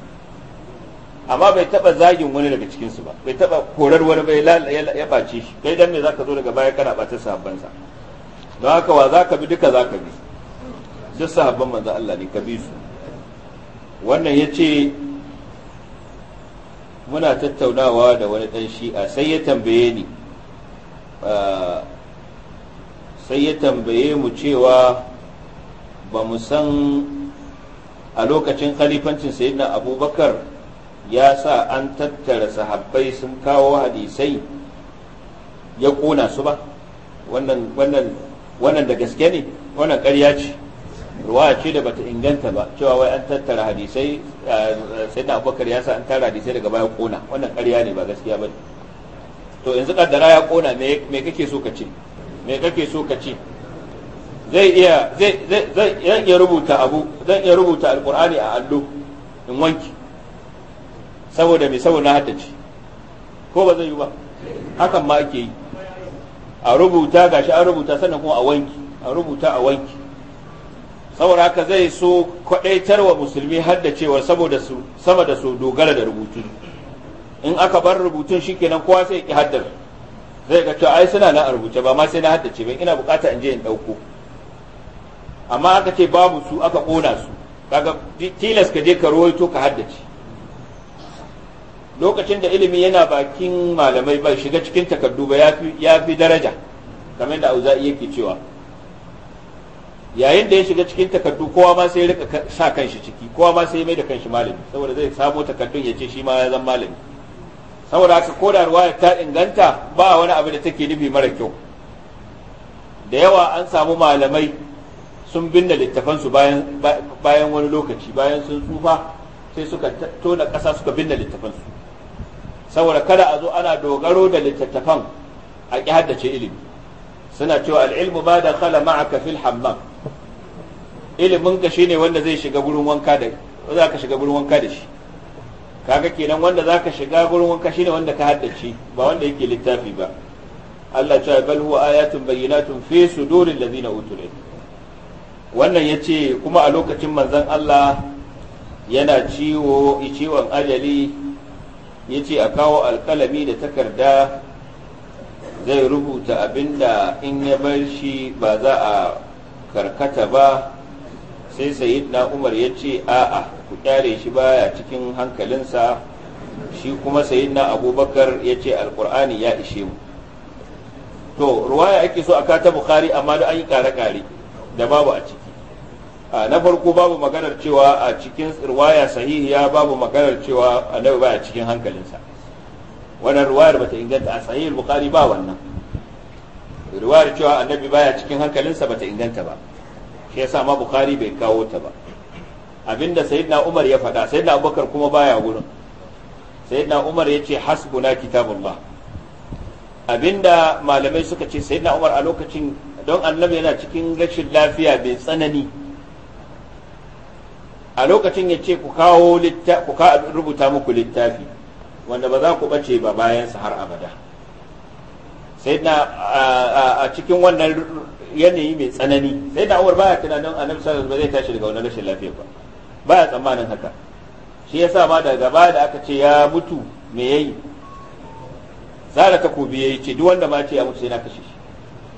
amma bai taba zagin wani daga cikin su ba bai taba korar wani bai ya bace shi kai dan me zaka zo daga baya kana bata sabban sa don haka wa zaka bi duka zaka bi duk sahabban manzon Allah ne ka bi su wannan ya ce muna tattaunawa da wani ɗan shi'a sai ya tambaye ni ah, sai ya tambaye mu cewa ba mu san a lokacin khalifancin sayyidina abubakar ya sa an tattara sahabbai sun kawo hadisai ya kona su ba wannan da gaske ne wannan ƙarya ce ruwaya ce da bata inganta ba cewa wai an tattara hadisai sai da abubakar ya sa an tara hadisai daga baya kona wannan ƙarya ne ba gaskiya ba to yanzu kaddara ya kona me kake so ka ce me kake so ka ce zai iya zai zai iya rubuta abu zan iya rubuta alqur'ani a allo in wanki saboda me saboda haddace ko ba zai yi ba hakan ma ake yi a rubuta gashi an rubuta sannan kuma a wanki a rubuta a wanki saboda haka zai so wa musulmi har da cewa saboda su sama da su dogara da rubutu in aka bar rubutun shikenan kowa sai ki haddar zai ga to ai suna na rubuce ba ma sai na haddace ba ina bukata in je in dauko amma aka ce babu su aka kona su kaga tilas ka je ka rawaito ka haddace lokacin da ilimi yana bakin malamai ba shiga cikin takardu ba ya fi daraja kamar da auza'i yake cewa yayin da ya shiga cikin takardu kowa ma sai rika sa kanshi ciki kowa ma sai mai da kanshi malami saboda zai samo takardun ya ce shi ma ya zama malami saboda haka ko da ruwaya ta inganta ba wani abu da take nufi mara kyau da yawa an samu malamai sun binne su bayan bayan wani lokaci bayan sun tsufa sai suka tona ƙasa suka binne su saboda kada a zo ana dogaro da littattafan a ƙi haddace ilimi suna cewa al'ilmu ba da khala ma'aka fil hammam ilimin ka shine wanda zai shiga gurin wanka da za ka shiga gurin wanka da shi kaga kenan wanda za ka shiga gurin wanka shine wanda ka haddace ba wanda yake littafi ba Allah cewa bal huwa ayatun bayyinatun fi sudurin ladina utul ilm wannan yace kuma a lokacin manzon Allah yana ciwo ciwon ajali yace a kawo alkalami da takarda zai rubuta abinda in ya bar shi ba za a karkata ba sai sayid na umar ya ce a'a ku kyale shi baya cikin hankalinsa shi kuma sayid na abubakar ya ce alkur'ani ya ishe mu to ruwaya ake so a kata bukari amma da an yi kare-kare da babu a ciki na farko babu maganar cewa a cikin ruwaya sahihiya babu maganar cewa annabi baya cikin hankalinsa wannan ruwayar bata inganta a sahih bukhari ba wannan ruwayar cewa annabi baya cikin hankalinsa bata inganta ba shi yasa ma bukhari bai kawo ta ba abinda sayyidina umar ya faɗa sayyidina abubakar kuma baya gurin sayyidina umar ya ce hasbuna kitabullah abinda malamai suka ce sayyidina umar a lokacin don annabi yana cikin rashin lafiya bai tsanani a lokacin ya ce ku kawo rubuta muku littafi wanda ba za ku bace ba bayansa har abada sai na a cikin wannan yanayi mai tsanani sai na umar baya tunanin annabi sallallahu alaihi zai tashi daga wannan rashin lafiya ba baya tsammanin haka shi yasa ma daga gaba da aka ce ya mutu me yayi zara takobi yayi ce duk wanda ma ce ya mutu sai na kashe shi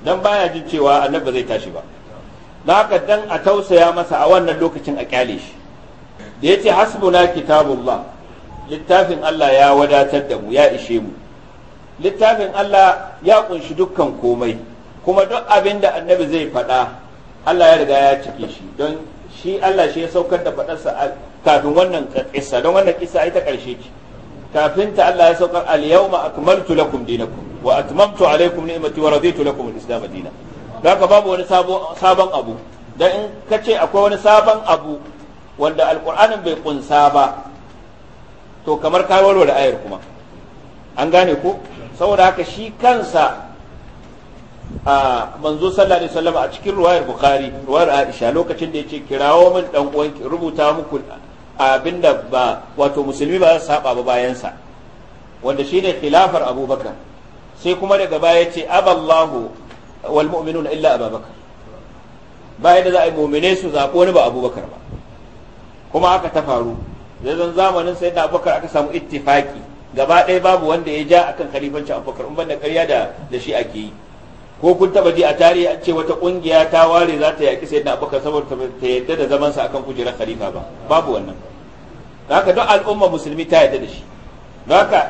dan baya jin cewa annabi ba zai tashi ba Na haka dan a tausaya masa a wannan lokacin a kyale shi da yace hasbuna kitabullah littafin Allah ya wadatar da mu ya ishe mu littafin Allah ya kunshi dukkan komai kuma duk abin da annabi zai faɗa Allah ya riga ya cike shi don shi Allah shi ya saukar da faɗarsa kafin wannan kissa don wannan kissa ai ta ƙarshe ce kafin ta Allah ya saukar al-yawma akmaltu lakum dinakum wa atmamtu alaykum ni'mati wa raditu lakum al-islam dinan haka babu wani sabon abu dan in ka ce akwai wani sabon abu wanda alqur'anin bai kunsa ba to kamar ka warware ayar kuma an gane ko saboda haka shi kansa a manzo sallallahu alaihi wasallam a cikin ruwayar bukhari ruwayar aisha lokacin da yace kirawo min dan uwanki rubuta muku abinda ba wato musulmi ba za saba ba bayansa wanda shine khilafar abubakar sai kuma daga baya yace aballahu wal mu'minuna illa abubakar bayan da za a yi mu'mine su zaɓo wani ba abubakar ba kuma haka ta faru zai zamanin sai da abubakar aka samu ittifaki gaba ɗaya babu wanda ya ja akan khalifanci abubakar in da ƙarya da da shi ake yi ko kun taba ji a tarihi an ce wata kungiya ta ware za ta yaki da abubakar saboda ta yadda da zaman sa akan kujerar khalifa ba babu wannan haka duk al'umma musulmi ta yadda da shi haka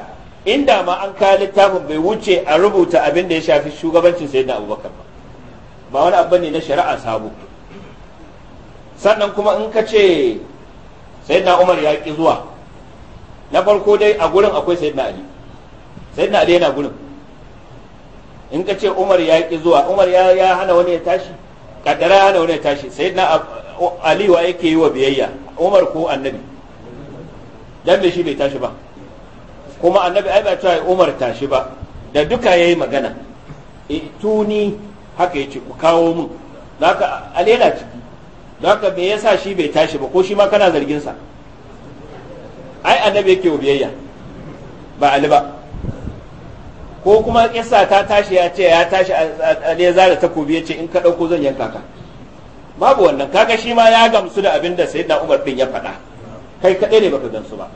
inda ma an kawo littafin bai wuce a rubuta abin da ya shafi shugabancin sayyidina abubakar ba ba wani abu ne na shari'a sabo sannan kuma in ka ce sayyidina umar ya ki zuwa na farko dai a gurin akwai sayyidina ali sayyidina ali yana gurin in ka ce umar ya ki zuwa umar ya ya hana wani ya tashi kaddara ya hana wani ya tashi sayyidina ali wa yake yi wa biyayya umar ko annabi dan me shi bai tashi ba kuma annabi ai ba yi umar tashi ba da duka yayi magana ituni eh, haka yace ku kawo mun naka ali yana ciki don me yasa shi bai tashi ba ko shi ma kana zargin sa ai annabi yake wa biyayya ba ali ba ko kuma yasa ta tashi ya ce ya tashi ali ya zara takobi ya ce in ka ɗauko zan yanka ka babu wannan kaga shi ma ya gamsu da abin da da umar din ya faɗa kai kadai ne baka gamsu ba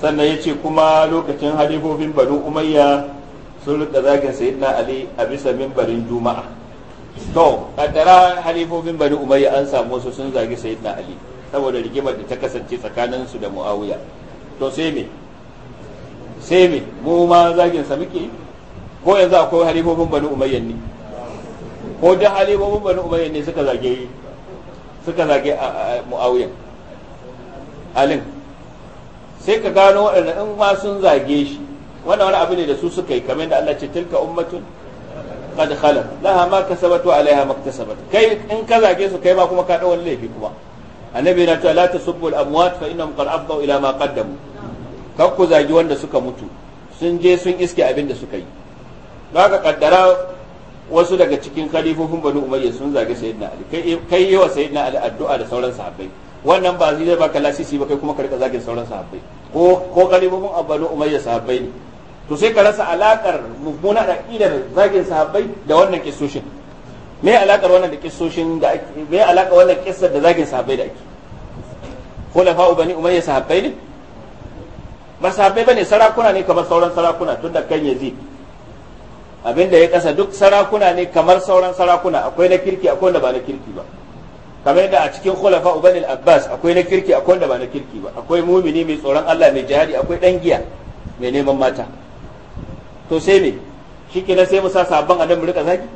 sannan ya ce kuma lokacin halifofin banu umayya sun rika zagin sayyidina ali a bisa mimbarin juma'a to kaddara halifofin bani umayya an samu su sun zagi sayyidina ali saboda rigimar da ta kasance tsakanin su da muawiya to sai me sai me mu ma zagin sa muke ko yanzu akwai halifofin bani umayya ne ko da halifofin bani umayya ne suka zage suka zage muawiya alin sai ka gano waɗanda in ma sun zage shi wannan wani abu ne da su suka yi kamar da Allah ce tilka ummatun qad khalat laha kai in ka zage su kai ma kuma ka dawo laifi kuma annabi yana cewa la tasubbu al-amwat fa innahum qad ma qaddamu kar ku zagi wanda suka mutu sun je sun abin da suka yi ba ka kaddara wasu daga cikin khalifofin banu umayya sun zage sayyidina ali kai yi wa sayyidina ali addu'a da sauran sahabbai wannan ba zai baka lasisi ba kai kuma ka rika zagin sauran sahabbai ko ko khalifofin banu umayya sahabbai ne to sai ka rasa alakar mummuna aqidar zagin sahabbai da wannan kissoshin me alakar wannan da kissoshin da ake me alakar wannan kissar da zagin sahabbai da ake khulafa ubani umayya sahabbai ne ba sahabbai bane sarakuna ne kamar sauran sarakuna tun da kan yazi abinda ya kasa duk sarakuna ne kamar sauran sarakuna akwai na kirki akwai wanda ba na kirki ba kamar yadda a cikin khulafa ubani al-abbas akwai na kirki akwai wanda ba na kirki ba akwai mumini mai tsoron Allah mai jihadi akwai dan giya mai neman mata to sai me shi kenan sai mu sa sabon annabi mu rika zaki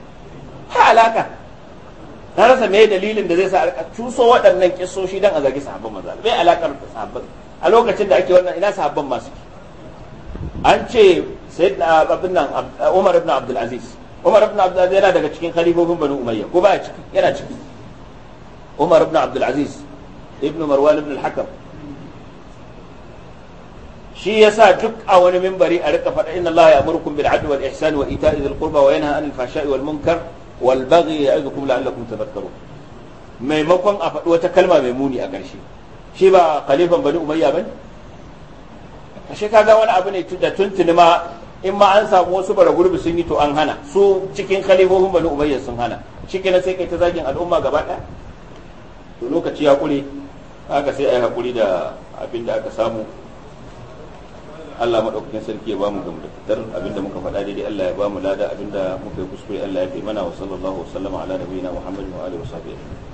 ha alaka na rasa me dalilin da zai sa alka tuso waɗannan kissoshi dan a zagi sabon manzo bai alakar sabon a lokacin da ake wannan ina sabon masu ki an ce sayyidina abin nan Umar ibn Abdul Aziz Umar ibn Abdul Aziz yana daga cikin khalifofin Bani Umayya ko ba ciki yana ciki Umar ibn Abdul Aziz ibn Marwan ibn al-Hakam shi yasa duk a wani mimbari a rika faɗa inna Allah ya'murukum bil adli wal ihsani wa ita'i dhil qurba wa yanha 'anil fahsha'i wal munkar wal baghi ya'idhukum la'allakum tadhakkarun maimakon a faɗi wata kalma mai muni a ƙarshe shi ba khalifan bani umayya bane shi kaga wani abu ne da tuntuni ma in ma an samu wasu bara gurbi sun yi to an hana su cikin khalifofin bani umayya sun hana shikenan sai kai ta zagin al'umma gaba ɗaya to lokaci ya kure haka sai a yi hakuri da abin da aka samu Allah madaukakin sarki ya bamu gamdakatar abinda muka faɗa daidai Allah ya bamu lada abinda muka yi kuskure Allah ya fi mana wa sallallahu wasallama ala nabiyina Muhammadin wa alihi wa sahbihi